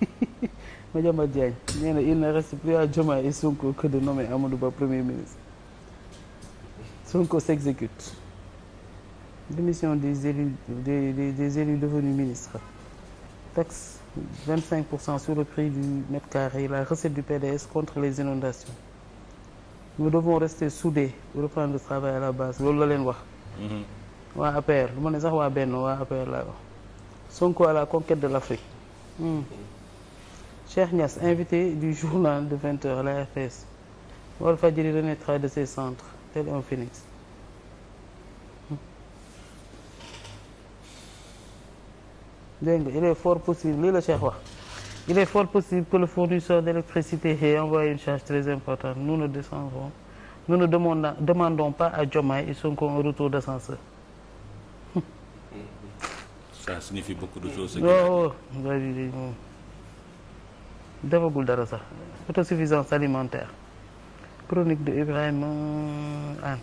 Madiambal Diagne nee na reste plus à Diomaye et Sonko que de nommer Amadou Ba premier ministre Sonko s'exécute démission des élus des des, des élus devenus ministres taxe cent sur le prix du mètre carré la recette du PDS contre les inondations nous devons rester soudés reprendre travail à la base loolu la leen wax. Mhm. waa APR lu ma sax waa benn waa APR laa Sonko à la conquête de l'Afrique. Hmm. Cheikh Niass invité du journal de 20 heures à la RTS Walfadjri renaîtra de ses centres tel un phénix il est fort possible lii la Cheikh wax il est fort possible que le fournisseur d'électricité ait envoyé une charge très importante nous nous demandons, pas à Diomaye et Sonko un retour d'ascenseur ça defagul dara sax autosuffisance alimentaire chronique de Ibrahima Anne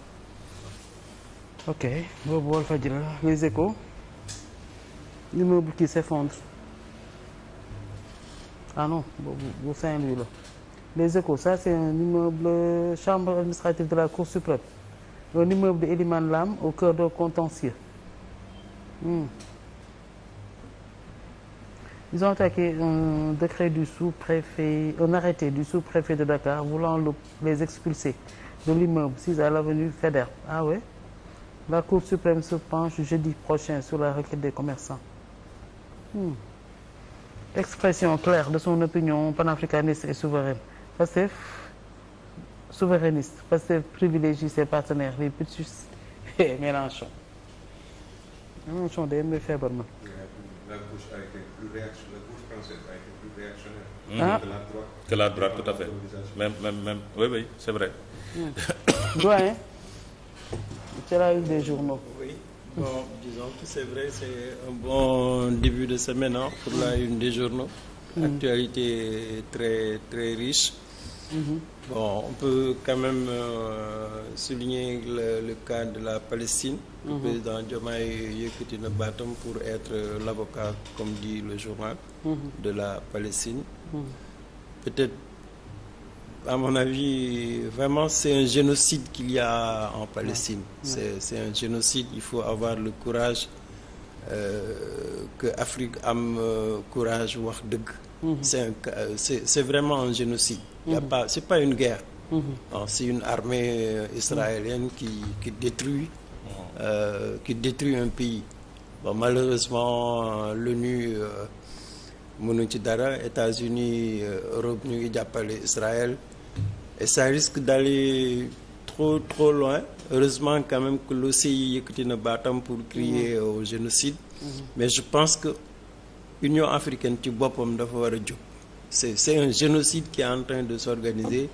ok boobu Walfadjri la Les Échos l'immeuble qui s'effondre ah non boobu bu Saint-Louis la Les Échos ça c'est un immeuble chambre administrative de la Cour suprême un immeuble de Eliman Lam au cœur de contentieux hmm. Ils ont attaqué un décret du sous-préfet, un arrêté du sous-préfet de Dakar voulant le, les expulser de l'immeuble 6 à l'avenue Faidherbe. Ah ouais? La Cour suprême se penche jeudi prochain sur la requête des commerçants. Hmm. Expression claire de son opinion panafricaniste et souveraine. Pastef souverainiste. Pastef privilégie ses partenaires les petits et Mélenchon. Mélenchon day am na feebar ma. plus mhm. ah. la gauche française a tout à fait. Même, même, même. Oui, oui, c'est vrai. Doyen, tu as eu des journaux. Oui. Bon, disons que c'est vrai, c'est un bon début de semaine hein, la une des journaux. Mm. Actualité très, très riche. bon on peut quand même euh, souligner le, le de la Palestine. le mhm. président Diomaye yëkkati na baatam pour être euh, l'avocat comme dit le journal. Mhm. de la Palestine. Mhm. peut-être à mon avis vraiment c'est un génocide qu'il y a en Palestine. c'est c'est un génocide il faut avoir le courage. Euh, Afrique am euh, courage wax dëgg Mm-hmm. c'est un euh, c'est c'est vraiment un génocide. y a mm-hmm. pas c'est pas une guerre. Mm-hmm. Ah, c'est une armée euh, israélienne qui qui détruit euh, qui détruit un pays. bon malheureusement l'ONU euh, mënuñ ci dara États-Unis Europe ñu ngi jàppale Israël et ça risque d'aller trop trop loin heureusement quand même que l'OCI yëkkati na baatam pour crier au génocide mais je pense que Union africaine ci boppam dafa war a jóg c'est c'est un génocide qui est en train de s'organiser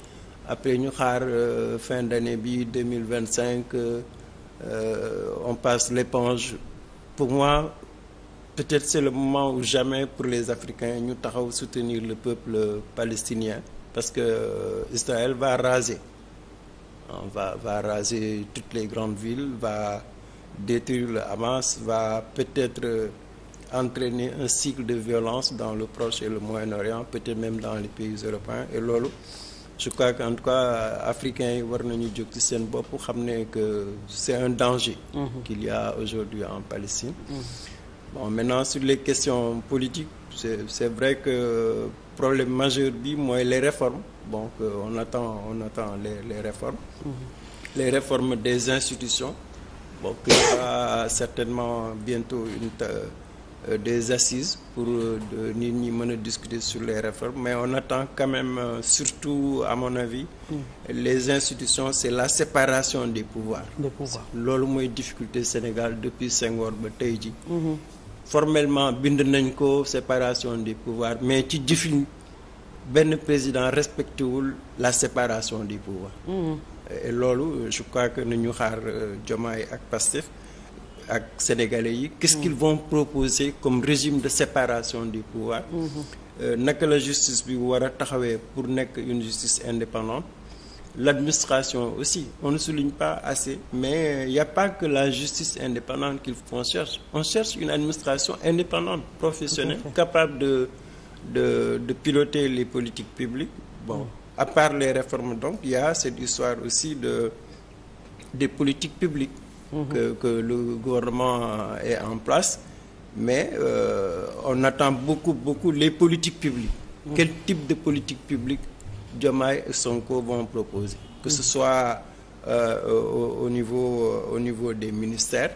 après ñu xaar euh, fin d'année bi 2025 euh, euh, on passe l'éponge pour moi peut-être c'est le moment ou jamais pour les Africains ñu taxaw soutenir le peuple euh, palestinien parce que euh, Israël va raser on va va raser toutes les grandes villes va détruire le Hamas va peut-être entraîner un cycle de violence dans le Proche et le Moyen-Orient peut-être même dans les pays européens et loolu je crois qu'en tout cas africain yi war nañu jóg ci seen bopp xam ne que c'est un danger mm-hmm. qu'il y a aujourd'hui en Palestine mm-hmm. bon maintenant sur les questions politiques c'est vrai que problème majeur bi mooy les réformes donc on attend on attend les les réformes mm-hmm. les réformes des institutions bon qu'il y aura certainement bientôt euh, Euh, des assises pour euh, nit ñi mën a discuter sur les réformes mais on attend quand même euh, surtout à mon avis hmm. les institutions c'est la séparation des pouvoirs des loolu mooy difficulté Sénégal depuis Senghor ba tey ji hmm. formellement bind nañ ko séparation des pouvoirs mais ci jëfin benn président respecté wul la séparation des pouvoirs mm. loolu je crois que nañu xaar Diomaye ak Pastef ak sénégalais yi qu'est-ce qu'ils vont proposer comme régime de séparation du pouvoir mm-hmm. euh, naka la justice bi war a taxawee pour nekk une justice indépendante l'administration aussi on ne souligne pas assez mais il n'y a pas que la justice indépendante qu'on cherche on cherche une administration indépendante professionnelle capable de de de piloter les politiques publiques bon à part les réformes donc il y a cette histoire aussi de des politiques publiques que que le gouvernement est en place mais euh, on attend beaucoup beaucoup les politiques publiques mmh. quel type de politique publique Diomaye et Sonko vont proposer que ce mm. soit euh, au, niveau euh, au niveau des ministères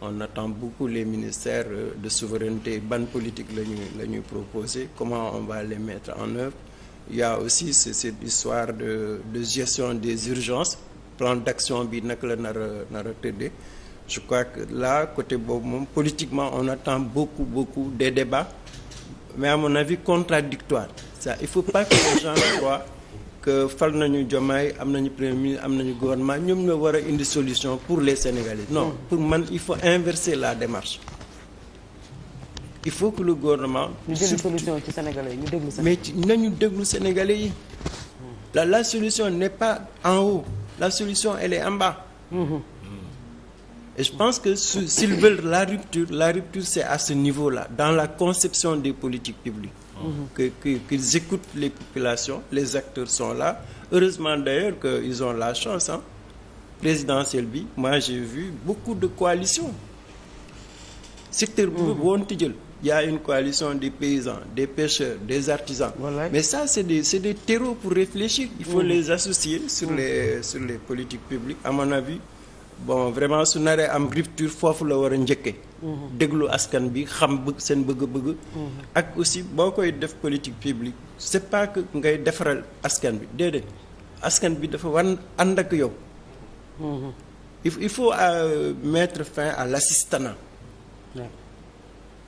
on attend beaucoup les ministères euh, de souveraineté ban politiques la ñuy la ñuy proposer comment on va les mettre en œuvre il y a aussi cette histoire de de gestion des urgences plan d'action bi naka la nar a je crois que là côté boobu moom politiquement on attend beaucoup beaucoup des débats mais à mon avis contradictoires ça il faut pas que les gens croient que fal nañu Diomaye am nañu premier ministre am nañu gouvernement ñoom ñoo war a indi solution pour les Sénégalais non mm. pour man il faut inverser la démarche il faut que le gouvernement. ñu jël solution ci Sénégalais ñu déglu. mais nañu déglu Sénégalais yi. Mm. la la solution n'est pas en haut. la solution elle est en bas. Mmh. je pense que s'ils veulent la rupture, la rupture c'est à ce niveau-là, dans la conception des politiques publiques. Mmh. Qu'ils qu écoutent les populations, les acteurs sont là. Heureusement d'ailleurs qu'ils ont la chance. Hein. Présidentielle bi, moi j'ai vu beaucoup de coalitions. secteur boobu mhm. woon tijjël il une coalition des paysans, des pêcheurs, des artisans. Voilà. Mais ça, c'est des, des, terreaux pour réfléchir. Il faut mmh. les associer sur, mmh. les, sur les politiques publiques, à mon avis. bon vraiment su naree am rupture foofu la war a njëkkee. Mmh. déglu askan bi xam bëgg seen bëgg-bëgg. Mmh. ak aussi boo koy def politique publique c'est pas que ngay defaral askan bi déedéet askan bi dafa war ànd ak yow. il faut il euh, faut mettre fin à l'assistanat.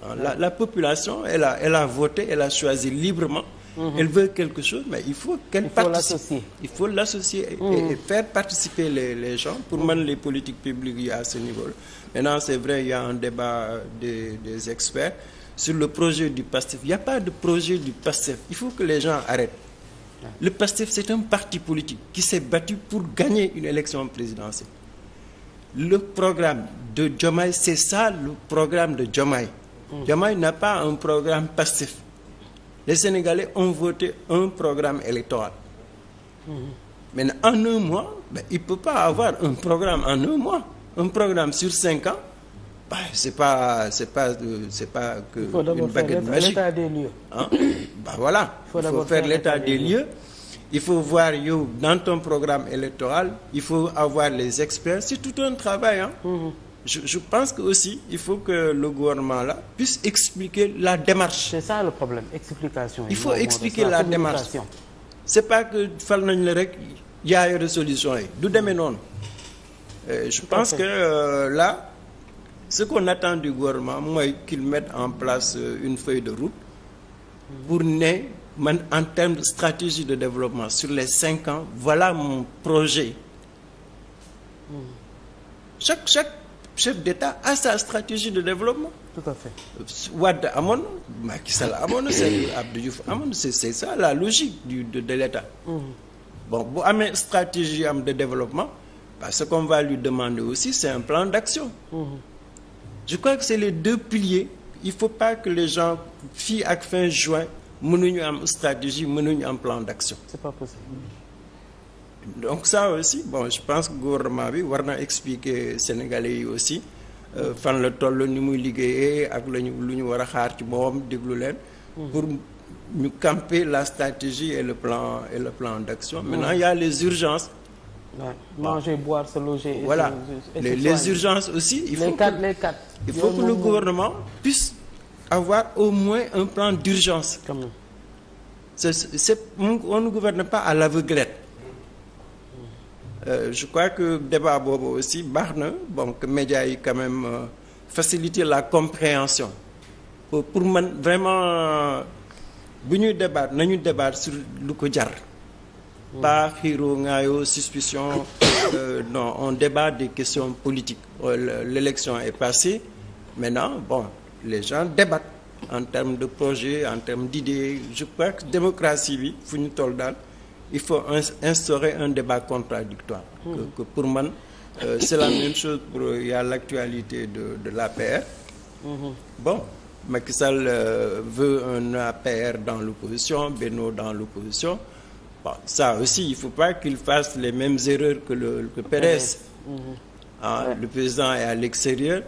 La, la population, elle a, elle a voté, elle a choisi librement. Mmh. Elle veut quelque chose, mais il faut qu'elle participe. Il faut l'associer mmh. et, faire participer les, les gens pour mhm. mener les politiques publiques à ce niveau-là. Maintenant, c'est vrai, il y a un débat des, experts sur le projet du PASTEF. Il n'y a pas de projet du PASTEF. Il faut que les gens arrêtent. Le PASTEF, c'est un parti politique qui s'est battu pour gagner une élection présidentielle. Le programme de Jomai, c'est ça le de Jomai. Diomaye mm. n'a pas un programme passif les Sénégalais ont voté un programme électoral mm-hmm. maintenant en un mois ben, il peut pas avoir un programme en un mois un programme sur cinq ans c'est pas c'est pas que il faut une baguette magique l'état voilà il faut, faire l'état des lieux il faut voir yow dans ton programme électoral il faut avoir les experts c'est tout un travail je pense que aussi il faut que le gouvernement là puisse expliquer la démarche. c'est ça le problème explication. il faut expliquer la démarche c'est pas que fal nañ la rek yaa yore solution yi du demee noonu. Euh, je pense que euh, là ce qu'on attend du gouvernement mooy qu'il mette en place euh, une feuille de route pour ne man en termes de stratégie de développement sur les cinq ans voilà mon projet. Hmm. chaque chaque chef d'État à sa stratégie de développement. tout à fait Wade amoon Macky Sall amoon na Seydou Abdou Diouf amoon c'est c'est ça la logique de de l'État. Mm-hmm. bon bu amee stratégie am de développement parce qu'on va lui demander aussi c'est un plan d'action. Mm-hmm. je crois que c'est les deux piliers il faut pas que les gens fii ak fin juin mënuñu am stratégie mënuñu am plan d'action. c'est pas possible. donc ça aussi bon je pense que gouvernement bi war na expliquer sénégalais yi aussi euh, fan la toll ni muy liggéeyee ak lañu lu ñu war a xaar ci moom déglu leen. Hmm. pour ñu camper la stratégie et le plan et le plan d'action. Hmm. maintenant il y a les urgences. waaw manger boire se loger. les les urgences aussi. il faut que les quatre il faut que le gouvernement puisse avoir au moins un plan d'urgence. c'est on ne gouverne pas à l'aveuglette. Euh, je crois que débat boobu aussi baax na donc médias yi quand même euh, faciliter la compréhension pour man vraiment bu ñuy débat nañu débat sur lu ko jar. Hmm. pas xiro ngaayoo suspicion euh, non on débat des questions politiques euh, l'élection est passée maintenant bon les gens débattent en termes de projet en termes d'idées je crois que démocratie bi fu ñu toll daal. il faut instaurer un débat contradictoire mmh. que, pour man euh, c'est la même chose pour euh, l'actualité de de l'APR mmh. bon Macky euh, veut un APR dans l'opposition Benno dans l'opposition bon ça aussi il faut pas qu'il fasse les mêmes erreurs que le que hmm. ah, le président est à l'extérieur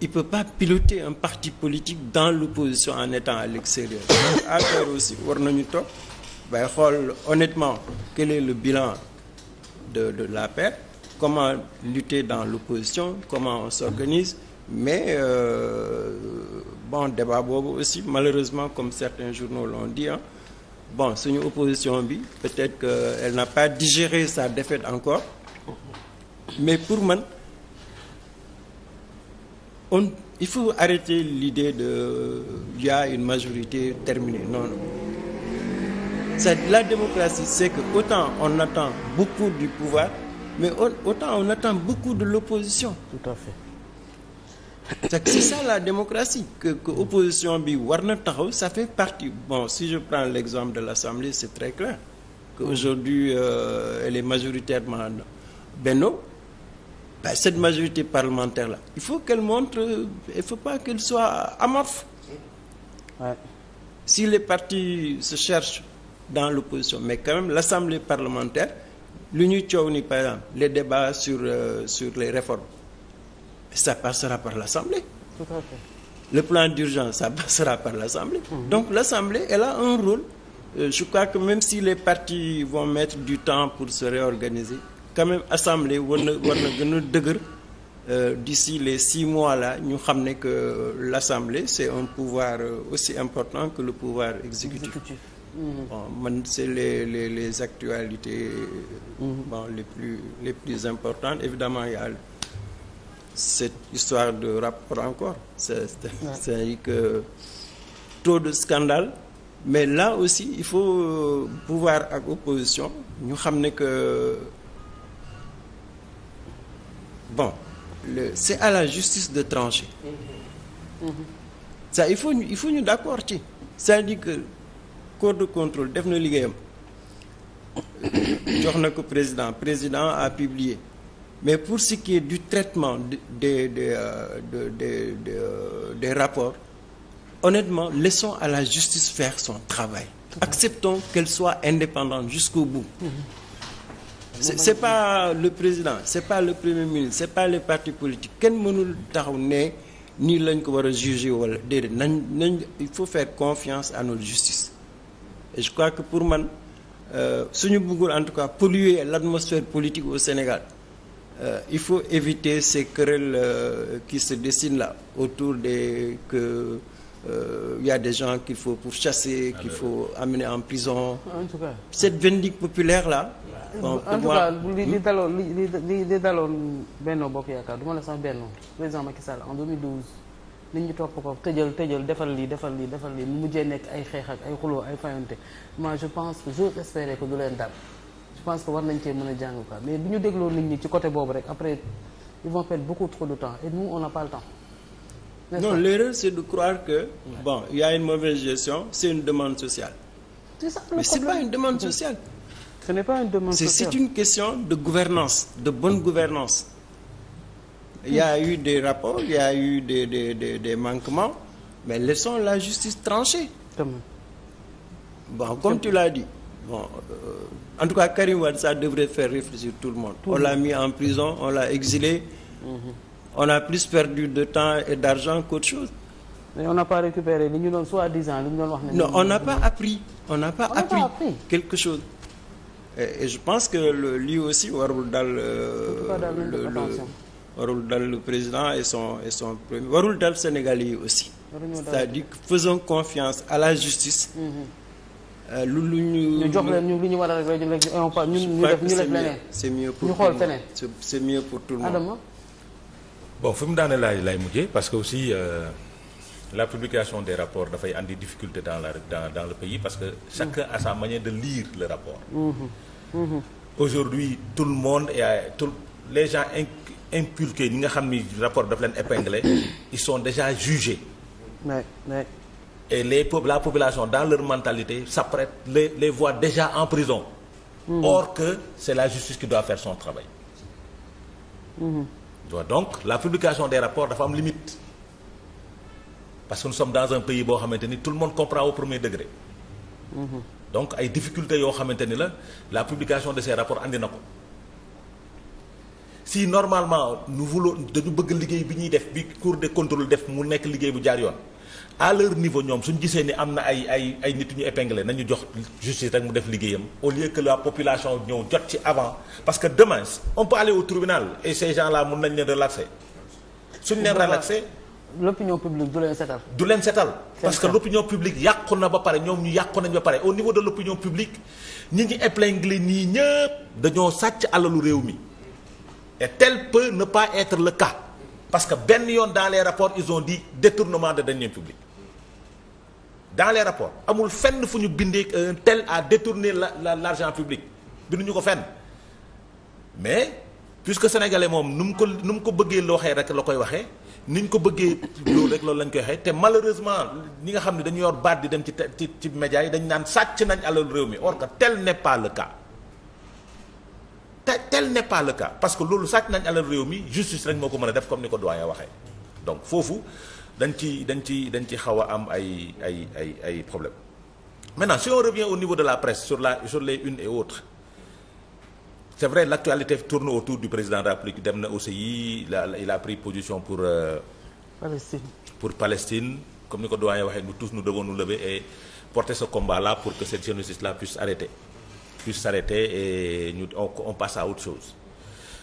il peut pas piloter un parti politique dans l'opposition en étant à l'extérieur APR aussi war nañu bay xool honnêtement quel est le bilan de de la paix comment lutter dans l'opposition comment on s'organise mais euh, bon débat boobu aussi malheureusement comme certains journaux l'ont dit ah bon suñu opposition bi peut-être que elle n'a pas digéré sa défaite encore mais pour man on il faut arrêter l'idée de il y a une majorité terminée non non C'est la démocratie, c'est que autant on attend beaucoup du pouvoir, mais autant on attend beaucoup de l'opposition. Tout à fait. C'est, c'est ça la démocratie que, que opposition bi war na taxaw ça fait partie bon si je prends l'exemple de l'Assemblée c'est très clair qu'aujourd'hui euh, elle est majoritairement Benno ben, cette majorité parlementaire là il faut qu'elle montre il faut pas qu'elle soit amorphe ouais. si les partis se cherchent dans l'opposition mais quand même l'assemblée parlementaire li ñuy coow ni par exemple les débats sur euh, les réformes ça passera par l'assemblée tout à fait le plan d'urgence ça passera par l'assemblée mmh. donc l'assemblée elle a un rôle euh, je crois que même si les partis vont mettre du temps pour se réorganiser quand même assemblée war na war na gën a dëgër euh, d'ici les six mois là ñu xam ne que l'assemblée c'est un pouvoir euh, aussi important que le pouvoir exécutif. exécutif. Mm-hmm. bon man c'est les les les actualités. Mm-hmm. bon les plus les plus importantes évidemment i y a cette histoire de rapport encore c'est-à-dire que trop de scandale mais là aussi il faut euh, pouvoir ak opposition ñu xam ne que bon le c'est à la justice de trancher mm-hmm. ça il faut ñu d'accord ci c'est-à-dire que corps de contrôle def na liggéeyam jox na ko président président a publié mais pour ce qui est du traitement des des des euh, de, de, de, des rapports honnêtement laissons à la justice faire son travail acceptons qu'elle soit indépendante jusqu'au bout mmh. c'est, c'est pas le président c'est pas le premier ministre c'est pas les partis politiques kenn mënul taxaw ne nii lañ ko war a juger wala déedéet nañ nañ il faut faire confiance à notre justice je crois que pour man euh, suñu bëggul en tout cas polluer l'atmosphère politique au Sénégal euh, il faut éviter ces querelles euh, qui se dessinent là autour des que euh, il y a des gens qu'il faut pourchasser qu'il faut amener en prison en tout cas cette vindicte populaire là bon en tout cas li li hmm? daloon li li daloon Benno Bokk Yaakaar du ma la sax Benno président Macky nit ñi topp ko tëjal tëjal defal lii defal lii defal lii mu mujjee nekk ay xeex ak ay xuloo ay fayante moi je pense ko j'ose espérer que du leen daal je pense que war nañ cee mën a jàng quoi mais bi ñu dégloo nit ñi ci côté boobu rek après ils vont perdre beaucoup trop de temps et nous on n'a pas le temps. non l'erreur c'est de croire que ouais. bon il y a une mauvaise gestion c'est une demande sociale. mais c'est pas une demande sociale. ce n'est pas une demande c'est une question de gouvernance de bonne mm. gouvernance il y a eu des rapports il y a eu des des des, des manquements mais laissons la justice trancher. bon comme tu l'as dit bon euh, en tout cas Karim Wade ça devrait faire réfléchir tout le monde. Tout on l'a mis en prison on l'a exilé. Mhm. on a plus perdu de temps et d'argent qu'autre chose. mais on n'a pas récupéré li ñu doon soi-disant li ñu doon wax. non on n'a pas appris. on n'a pas, pas appris quelque chose. et, et je pense que le, lui aussi warul dal. Euh, le, le warul dal le président et son et son premier warul dal Sénégal yi aussi c'est-à-dire que faisons confiance à la justice mm-hmm. euh, lu lu ñu ñu jox leen lu ñu war a rek ñu def ñu def pour ñu xool feneen c'est mieux pour tout le monde Adama bon fi mu daane laay laay mujjee parce que aussi euh, la publication des rapports dafay andi difficulté dans la dans dans le pays parce que chacun a de lire le rapport mmh. Mmh. aujourd'hui tout le monde et tout les gens inculqué ñi nga xam ni rapport daf leen épinglé ils sont déjà jugés mais mais et les la population dans leur mentalité s'apprête les les voit déjà en prison mmh. or que c'est la justice qui doit faire son travail mm-hmm. donc la publication des rapport dafa am limite parce que nous sommes dans un pays boo xamante ni tout le monde comprend au premier degré mm-hmm. donc ay difficultés yoo xamante ni la la publication de ces rapport andi na ko si normalement nous voulons dañu bëgg liggéey bi ñuy def bi cour de contrôle def mu nekk liggéey bu jaar yoon à leur niveau ñoom suñu gisee ni am na ay ay ay nit ñu épinglé nañu jox justice rek mu def liggéeyam au lieu que la population ñëw jot ci avant parce que demain on peut aller au tribunal et ces gens là mun nañ leen relaxer suñ leen relaxer l'opinion publique du leen setal. du leen setal parce que l'opinion publique yàqu na ba pare ñoom ñu yàqu nañ ba pare au niveau de l'opinion publique ñi ñu épinglé nii ñëpp dañoo sàcc alalu réew mi. et tel peut ne pas être le cas parce que benn yoon dans les rapports ils ont dit détournement de deniers publics dans les rapport amul fenn fu ñu bindee tel à détourner la la l'argent public binduñu ko fenn mais puisque sénégalais moom nu mu ko nu mu ko bëggee loo waxee rek la koy waxee ni ñu ko bëggee loolu lañ koy waxee te malheureusement ñi nga xam ne dañu yor baat di dem ci ci ci médias yi dañ naan sàcc nañ alal réew mi or que tel n'est pas le cas. te tel n'est pas le parce que loolu sàcc nañ alal réew mi justice rek moo ko mën a def comme ni ko doyen waxee donc foofu dañ ci dañ ci dañ ci xaw a am ay ay ay ay problème maintenant si on revient au niveau de la presse sur la sur les unes et autres c'est vrai l'actualité tourne autour du président de la République dem na OCI il la pris position pour euh, Palestine pour Palestine comme ni ko doyen waxee nous tous nous devons nous lever et porter ce combat pour que cette injustice là puisse puisse s'arrêter et ñu on, on passe autre chose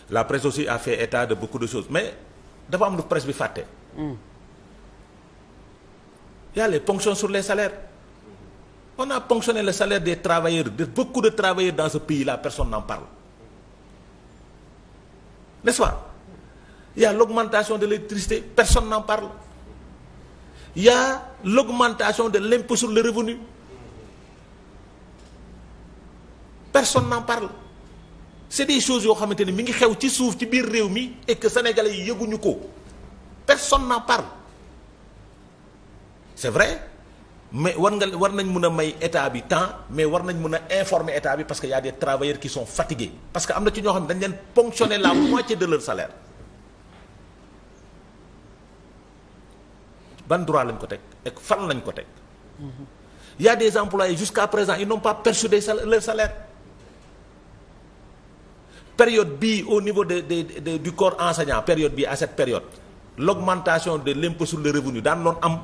la presse aussi a fait état de beaucoup de choses mais dafa am lu presse bi fàtte mm. y a les ponctions sur les salaires on a ponctionné le salaire des travailleurs de beaucoup de travailleurs dans ce pays là personne n'en parle nest pas il y a l'augmentation de l'électricité personne n'en parle il l'augmentation de l'impôt sur le revenu personne n'en parle c'est des choses yoo xamante ni mi ngi xew ci suuf ci biir réew mi et que sénégalais yëguñu ko personne n'en parle c'est vrai mais war nga war nañ mën a may état bi temps mais war nañ mën a informer état bi parce que y a des qui sont fatigués parce que am na ci ñoo xam ne dañ leen ponctionner la moitié de leur salaire ban droit lañ ko teg ak fan lañ ko teg mm-hmm. y a des employés jusqu'à présent ils n'ont pas perçu leur salaire période bi au niveau de, de, de, de du corps enseignant période bii à cette période l'augmentation de l'impôt sur le revenu daan loon am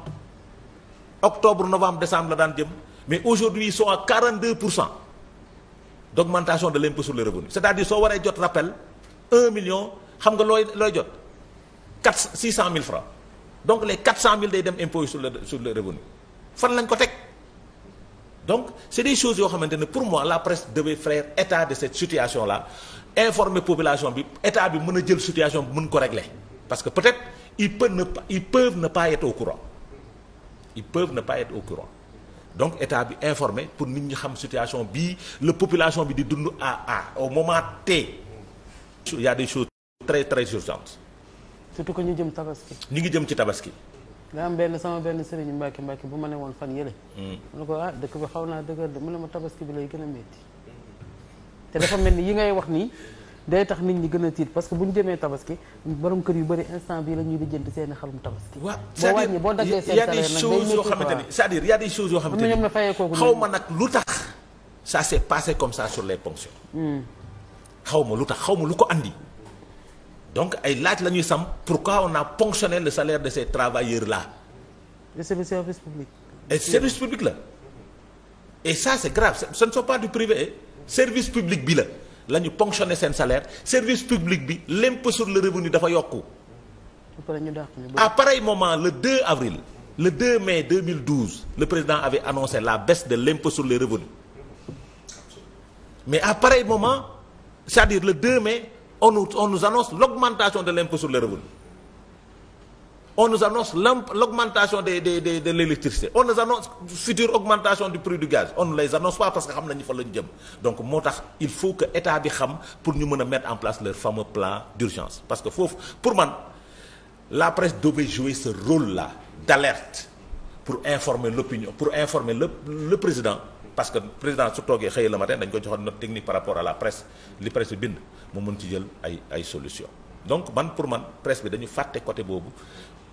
octobre novembre décembre la daan jëm mais aujourd'hui ils sont à 42 pour cent d'augmentation de l'impôt sur le revenu c'est-à-dire soo waree jot rappel 1 million xam nga looy looy jot 4 600 000 francs donc les 400 000 day dem impôt sur le sur le revenu fan lañ ko teg donc c'est des choses yoo xamante ne pour moi la presse devait faire état de cette situation là informer population bi état bi mën a jël situation bi mën ko régler parce que peut-être ils peuvent ne ils peuvent ne pas être au courant ils peuvent ne pas au courant donc état bi informer pour nit ñi xam situation bii la population bi di dund ah ah au moment T. il de a des choses très très urgentes. ñu jëm tabaski. ñu ngi jëm ci tabaski. daa am benn sama benn sëriñu Mbacke Mbacke bu ma ne woon fan yële. Hmm. mu ne ko ah dëkk bi xaw naa dëgër de mu ne ma tabaski bi lay gën a te dafa mel ni yi ngay wax nii day tax nit ñi gën a tiit parce que bu ñu demee tabaski borom kër yu bëri instant bi la ñuy lijjanti seen xarum tabaski. waaw c'est-à-dire boo daggee seen salaire nag day métti yoo xamante ni c'est-à-dire y a des yoo xamante ni ñoom la xaw ma lu tax ça s'est passé comme ça les ponctions. Hmm. xaw ma lu tax xaw ma lu ko indi donc ay laaj la ñuy sam pour on naa ponctionné le salaire de ces travailleurs là. et c'est le service et service public la. et ça c'est grave ce ne sont pas du privé. service public bi la la ñu ponctionné seen salaire service public bi l'impôt sur le revenu dafa yokku à pareil moment le 2 avril le 2 mai 2012 le président avait annoncé la baisse de l'impôt sur le mais à pareil moment cest à le 2 mai on nous on nous annonce l'augmentation de l'impôt sur le revenu on nous annonce l'augmentation des des des de l'électricité on nous annonce future augmentation du prix du gaz on ne les annonce pas parce que xam nañu fa lañu jëm donc moo tax il faut que état bi xam pour man la presse devait jouer ce rôle la d'alerte pour informer l'opinion pour informer le le président parce que président su toogee xëy la matin dañ ko joxoon note technique par rapport à la presse li presse bi bind mu mën ci jël ay ay solution donc man pour man presse dañu fàtte côté boobu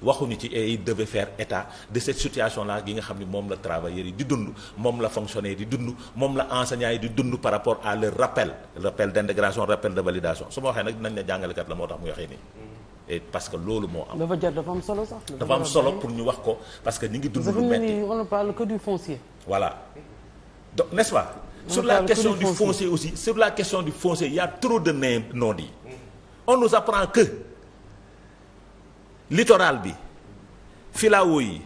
waxuñu ci et il devait faire état de cette situation là gi nga xam ni moom la travailleurs yi di dund moom la fonctionnaire yi di dund moom la enseignants yi di dund par rapport à leur rappel rappel d'intégration rappel de validation su ma waxee nag dinañ ne jàngalekat la moo tax mu waxee nii. parce que loolu moo am. dafa jar dafa am solo sax. dafa pour ñu wax ko parce que ñu ngi dund. lu metti on ne parle que du foncier. la question du foncier aussi sur la question on nous apprend que. littoral bi filao yi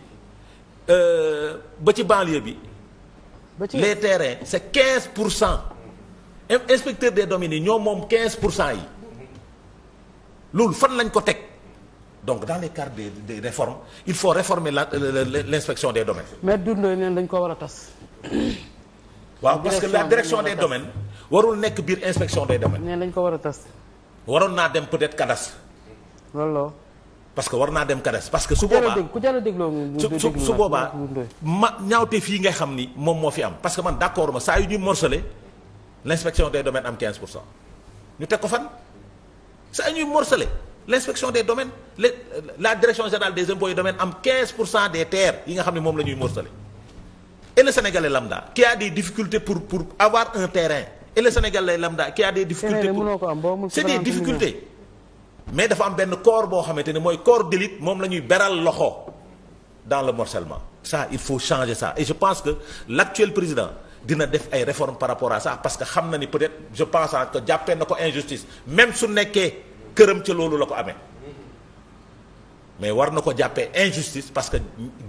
euh, ba ci banlieue bi. ba ci les terrains est 15 pour cent. inspecteur de domaines yi ñoom moom quinze pour cent yi loolu fan lañ ko teg donc dans les cadres des des réformes il faut réformer la l' inspection des domaines. mais dundoo neen dañ ko war a tas. waaw parce que la direction des domaines warul nekk biir inspection des domaines. neen dañ ko war a tas. waroon naa dem peut-être cadastre. loolu parce que war naa dem CARES parce que su boobaa su su boobaa ma ñaawte fii ngay xam ni moom moo fi am parce que man d'accord ma saa yu ñuy morcelé l'inspection des domaines am 15 pour cent ñu teg ko fan saa yu ñuy morcelé l'inspection des domaines la direction générale des impôts et domaines am quinze pour cent des terres yi nga xam ne moom la ñuy morcelé et le Sénégalais lambda qui a pour pour avoir un terrain et le Sénégalais lambda qui a des difficultés mais dafa am benn corps boo xamante ni mooy corps d'élite moom la ñuy beral loxo dans le morcellement ça il faut changer ça et je pense que l'actuel président dina def ay réformes par rapport a ça parce que xam na ni peut-être je pense que jàppee na ko injustice même su nekkee këram ci loolu la ko amee mais war na ko jàppee injustice parce que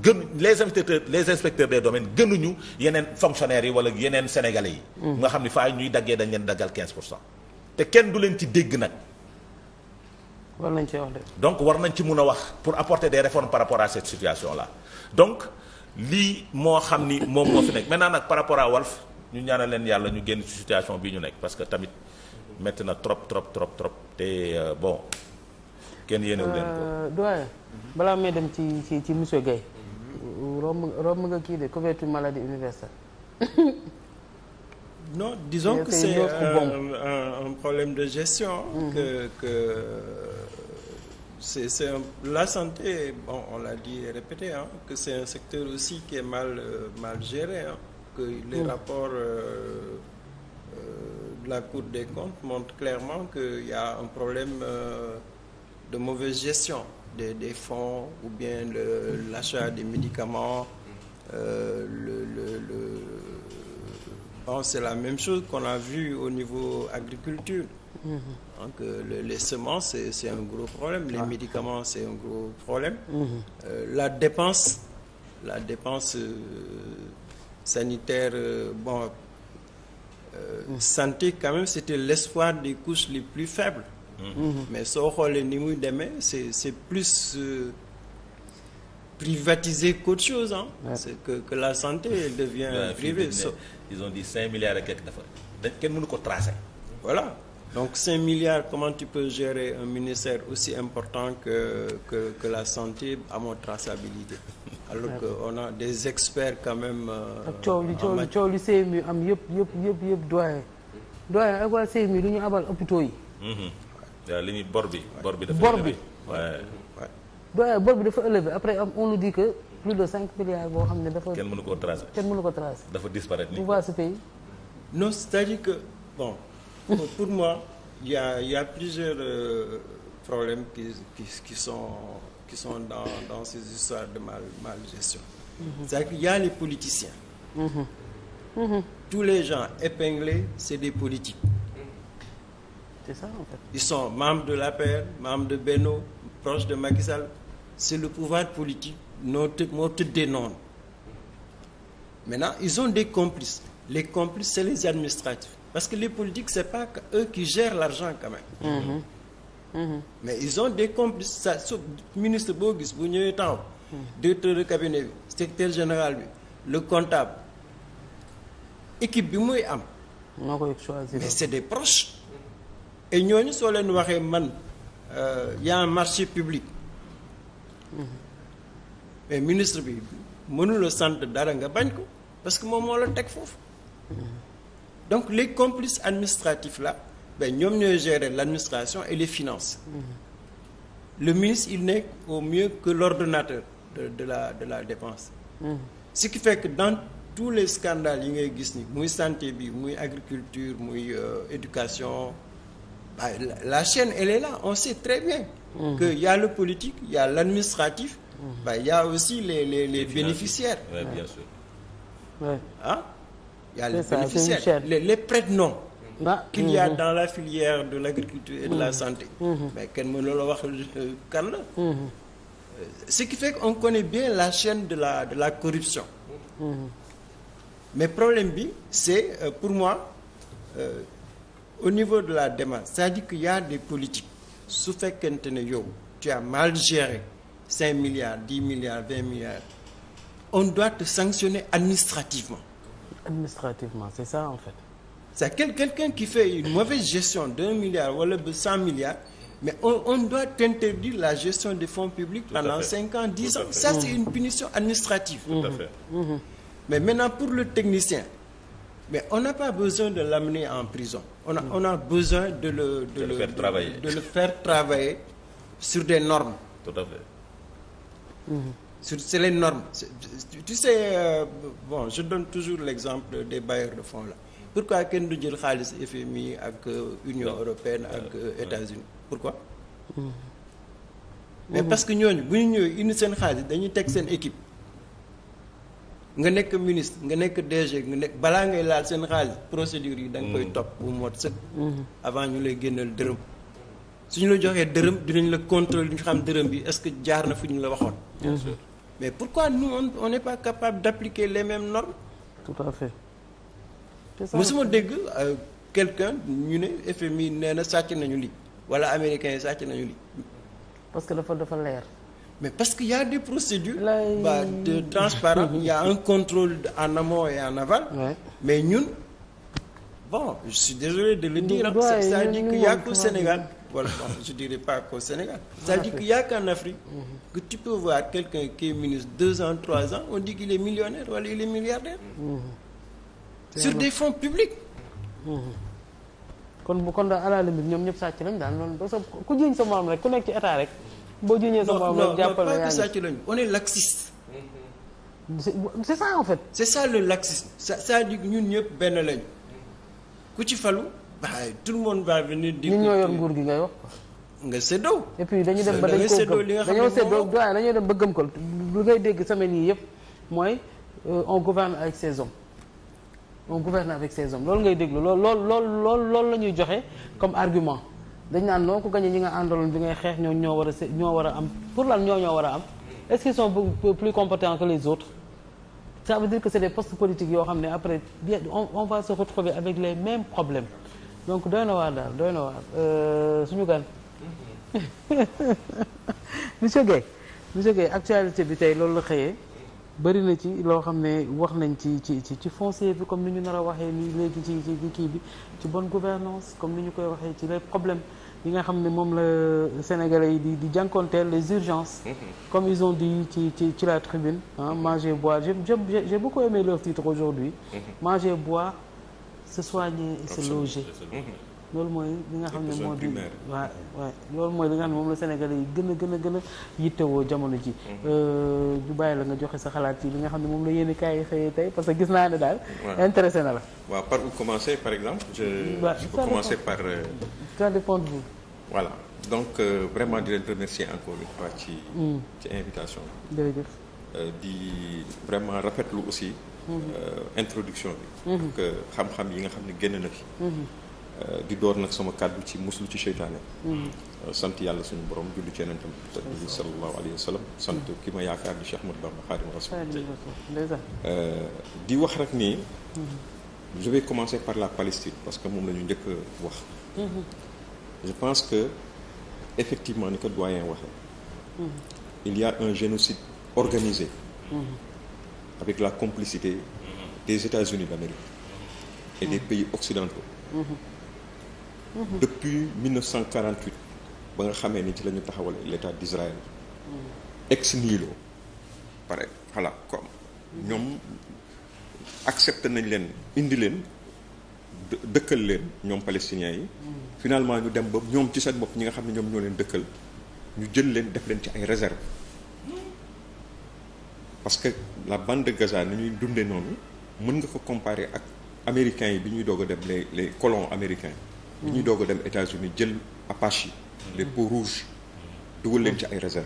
gën les inspecteurs les inspecteurs des domaines gënuñu yeneen fonctionnaires yi wala yeneen sénégalais yi. Mm. nga xam ni faa ñuy daggee dañ leen daggal 15 pour cent te kenn du leen ci dégg nag. war nañ cee wax de. donc war nañ ci mun a wax pour apporter des réformes par rapport à cette situation là donc lii moo xam ni moom moo fi nekk maintenant nag par rapport à Walf ñu ñaanal leen yàlla ñu génn ci situation bii ñu nekk parce que tamit métti na trop trop trop trop te euh, bon kenn yéenewu leen ko. Euh, doyen balaa may dem ci ci ci monsieur Guèye. nga kii de couverture maladie universelle. non disons que c'est un, problème de gestion. Mm-hmm. que. c'est, c'est un, la santé, bon, on l'a dit et répété, hein, que c'est un secteur aussi qui est mal, euh, mal géré, hein, que les mmh. rapports euh, euh, de la Cour des comptes montrent clairement qu'il y a un problème euh, de mauvaise gestion des, des fonds ou bien le, l'achat des médicaments. Euh, le, le, bon, c'est la même chose qu'on a vu au niveau agriculture. donc euh, les, les semences c'est un gros problème les ah. médicaments c'est un gros problème mhm. euh, la dépense la dépense euh, sanitaire bon mhm. santé quand même c'était l'espoir des couches les plus faibles mhm. mais soo xoolee ni muy demee c'est c'est plus euh, privatisé qu'autre chose ah ouais. c'est que que la santé elle devient ouais, privée so ils ont dit cinq milliards et quelques dafa dañ kenn mënu ko tracer voilà Donc 5 milliards, comment tu peux gérer un ministère aussi important que, que, que la santé à mon traçabilité alors ouais. qu'on a des experts quand même. Euh, ak coow li coow li coow li CMU am yëpp yëpp yëpp yëpp doyen. doyen ak waa CMU lu ñu abal hôpitaux yi. waaw mm-hmm. li bi. bor bi dafa bor bi. doyen bor bi dafa élevé après on nous dit que plus de 5 milliards boo xam ne dafa. kenn mënu koo tracer kenn mënu ko tracer. dafa disparaître nii. tu vois ce pays. non cest à bon. Pour moi, il y a, y a, plusieurs euh, problèmes qui, qui, qui, sont, qui dans, ces histoires de mal, mhm. cest qu'il y a les politiciens. Mm -hmm. Mm Tous les gens épinglés, c'est des politiques. C'est ça, en fait. Ils sont membres de l'APR, membres de Beno, proches de Macky C'est le pouvoir politique, notre, notre dénon. Maintenant, ils ont des complices. Les complices, c'est les administratifs. Parce que les politiques, c'est pas eux qui gèrent l'argent quand même. Mmh. Mmh. Mais ils ont des complices. Ça, ministre gis bu ñëwee temps mm-hmm. directeur de cabinet bi secrétaire général bi le comptable équipe bi muy am. moo koy choisir mais c'est des proches. et ñooñu soo leen waxee man euh, y a marché public. Mm-hmm. mais ministre bi mënula sant dara nga bañ ko parce que moom moo la teg foofu. Mm-hmm. donc les complices administratifs la ben ñoom ñooy gérer l'administration et les finances mm-hmm. le ministre il n'est au mieux que l'ordonnateur de, de la de la dépense mmh. ce qui fait que dans tous les scandales yi ngay gis ni muy santé bi muy agriculture muy euh, éducation bah, la, la chaîne elle est là on sait très bien mm-hmm. que y le politique y a l'administratif mm-hmm. bah, a aussi les les les, les bénéficiaires y a les bénéficiaires les, les prête-noms qu'il a mm-hmm. dans la filière de l'agriculture et de la mm-hmm. santé mm-hmm. mais kenn mën loola wax euh, kan la euh, ce qui fait qu'on connaît bien la chaîne de la de la corruption mais problème bi c'est euh, pour moi au niveau de la démarche cest dire qu'il y des politiques su fekkente ne yow tu as mal géré milliards dix milliards vingt milliards on doit te sanctionner administrativement c'est ça en fait. c'est quelqu'un qui fait une mauvaise gestion d'un milliard wala ba cent milliards mais on on doit interdire la gestion des fonds publics. pendant cinq ans dix ans ça c'est une punition administrative. tout mm-hmm. Mm-hmm. mais maintenant pour le technicien. mais on n'a pas besoin de l'amener en prison on a on a besoin de le de, de le, le faire travailler sur des normes. tout su c'est les normes tu sais euh, bon je donne toujours exemple des bailleurs de fonds là pourquoi kenn du jël xaalis FMI ak euh, Union européenne ak euh, États-Unis pourquoi mmh. mais mmh. parce que ñooñu bu ñu ñëwee indi seen xaalis dañuy teg seen équipe nga nekk ministre nga nekk DG nga nekk balaa ngay laal seen xaalis procédure yi da nga koy mmh. topp bu mot sëkk avant ñu lay génnal dërëm suñu la joxee dërëm dinañ la contrôle ñu xam dërëm bi est-ce que jaar na fu ñu la waxoon mais pourquoi nous on n'est pas capable d'appliquer les mêmes normes tout à fait mosuma dégg euh, quelqu'un ñu ne FMI nee na sàcc nañu lii wala américain yi sàcc nañu lii parce que dafa defa leer mais parce que y a des procédures bah, de transparence il y a un contrôle en amont et en aval mais ñun bon je suis désolé de le dire c'est-à-dire qu'il y Sénégal voilà bon, je dirais pas qu'au Sénégal. c'est-à-dire qu'il y a qu'en Afrique mm-hmm. quelqu'un qui ministre deux ans trois ans on dit qu'il est millionnaire wala il est milliardaire. Mm-hmm. sur des fonds publics. Mm-hmm. kon bu kon daal la limite ñoom ñëpp sàcc lañ daal noonu parce ku jiiñ sa morom rek ku nekk ci état rek. boo jiiñee sa morom rek jàppal na yaa ngi sàcc lañ on est laxiste. c'est ça en fait. c'est ça le laxisme ça ça ñun ñëpp benn lañ ku ci falu. waaye tout le monde va venir. di ñoo yor nguur gi ngay wax. nga séddoo. et puis dañu dem ba dañ koo gëm dañoo séddoo waaye ko lu ngay dégg semaine yi yëpp mooy euh, on gouverne avec saison hommes on gouverne avec ses hommes loolu ngay déglu loolu lool loolu loolu loolu la ñuy joxe comme argument dañ naan noo ko gañe ñi nga àndaloon bi ngay xeex ñoo ñoo war a ñoo war am pour lan ñoo ñoo war a am est son qu'ils sont plus compétents que les autres ça veut que c'est des postes yoo xam ne après on on va se retrouver avec les mêmes problèmes donc doy na waar daal doy na waar euh, suñu gan. monsieur Guèye monsieur actualité bi tey loolu la xëyee bëri na ci loo xam ne wax nañ ci ci ci ci foncier bi comme ni ñu nar a waxee ni léegi ci ci kii bi ci bonne gouvernance comme ni ñu koy waxee ci les problèmes yi nga xam ne moom la sénégalais yi di di jànkonteel les urgences comme ils ont dit ci ci ci la tribune ah manger boire j'ai j'ai beaucoup aimé leur titre aujourd'hui mhm. manger boire se soigner et se loger mm-hmm. loolu mooy li nga xam ne moo di waaw waaw loolu mooy li moom la sénégal yi gën a gën a gën a yittewoo jamono ji mm-hmm. euh, ñu bàyyi la nga joxe sa xalaat yi li nga xam ne moom la yéen kaay yi xëyee tey parce que gis naa ne daal intéressé na la waaw par où commencer par exemple je je peux commencer par euh, ça dépend de donc euh, vraiment di leen remercier encore une fois ci mm. ci invitation jërëjëf di vraiment rafetlu aussi Euh, introduction bi. ak mm-hmm. xam-xam yi nga xam ne génn na fi. Mm-hmm. Euh, di door nag sama kàddu ci muslu ci seytaane. Mm-hmm. Euh, sant yàlla suñu borom julli ci yonentam bi sallallahu alayhi wa sallam sant ki ma yaakaar di Cheikh wax rek nii. je vais par la Palestine parce que moom la ñu njëkk wax. je pense que effectivement ni ko doyen waxee. il y un génocide organisé. avec la complicité des États-Unis d'Amérique et des pays occidentaux. depuis 1948 ba nga xamee ni ci la ñu taxawal l'État d'Israël. ex nihilo pare voilà comme ñoom accepté nañ leen indi leen dëkkal leen ñoom palestiniens yi. finalement ñu dem ba ñoom ci seen bopp ñi nga xam ne ñoom ñoo leen dëkkal ñu jël leen def leen ci ay réserves. parce que la bande de Gaza ni ñuy dundee noonu mën nga ko comparer ak américains yi bi ñuy doog a dem les colon colons américains. bi ñuy mm-hmm. doog a dem États-Unis jël Apache mm-hmm. les peaux rouges dugal leen ci ay réserve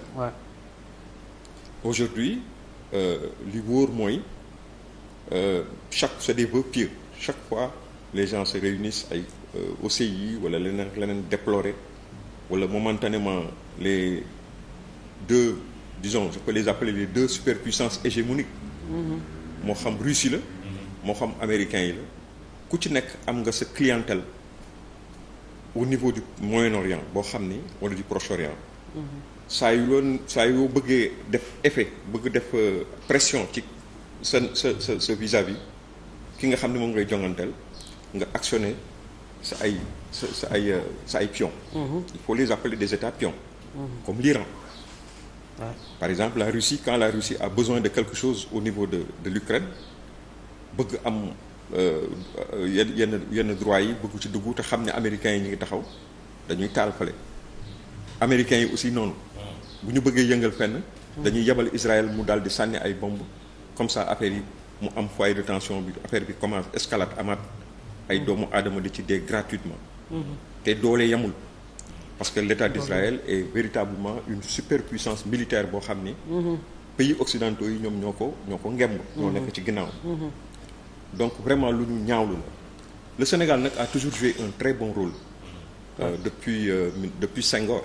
aujourd'hui euh, li wóor mooy euh, chaque c'est des vœux pieux chaque fois les gens se réunissent ay euh, OCI wala leneen leneen déplorer wala momentanément les disons je peux les appeler les deux superpuissances hégémoniques mm-hmm. moo xam Russie la mm-hmm. moo xam américains yi la ku ci nekk am nga sa clientèle au niveau du Moyen-Orient boo xam ni wala du Proche-Orient mm-hmm. saa yu loon saa yoo bëggee def effet bëgg def euh, pression ci sa sa sa vis-à-vis ki nga xam ne moom ngay jonganteel nga actionné sa ay sa sa ay euh, sa ay pion il faut les appeler des états pions comme l'Iran Ouais. Par exemple, la Russie, quand la Russie a besoin de quelque chose au niveau de, de l'Ukraine, bëgg am euh, yenn yenn yenn droit yi bëggu ci dugg te xam ne américains yi ñu ngi taxaw dañuy taal fale américains yi aussi noonu bu ñu bëggee yëngal fenn dañuy yebal Israël mu daal di sànni ay bomb comme ça affaire yi mu am foyer de tension bi affaire bi commence escalade amaat ay mm. doomu aadama di ci dee gratuitement mm-hmm. te doole yamul parce que l'État d'Israël est véritablement une superpuissance militaire boo xam ni pays occidentaux yi ñoom ñoo ko ñoo ko ngemb ñoo nekk ci ginnaaw donc vraiment lu ñu ñaawlu la le Sénégal nag a toujours joué un très bon rôle euh, depuis euh, depuis Senghor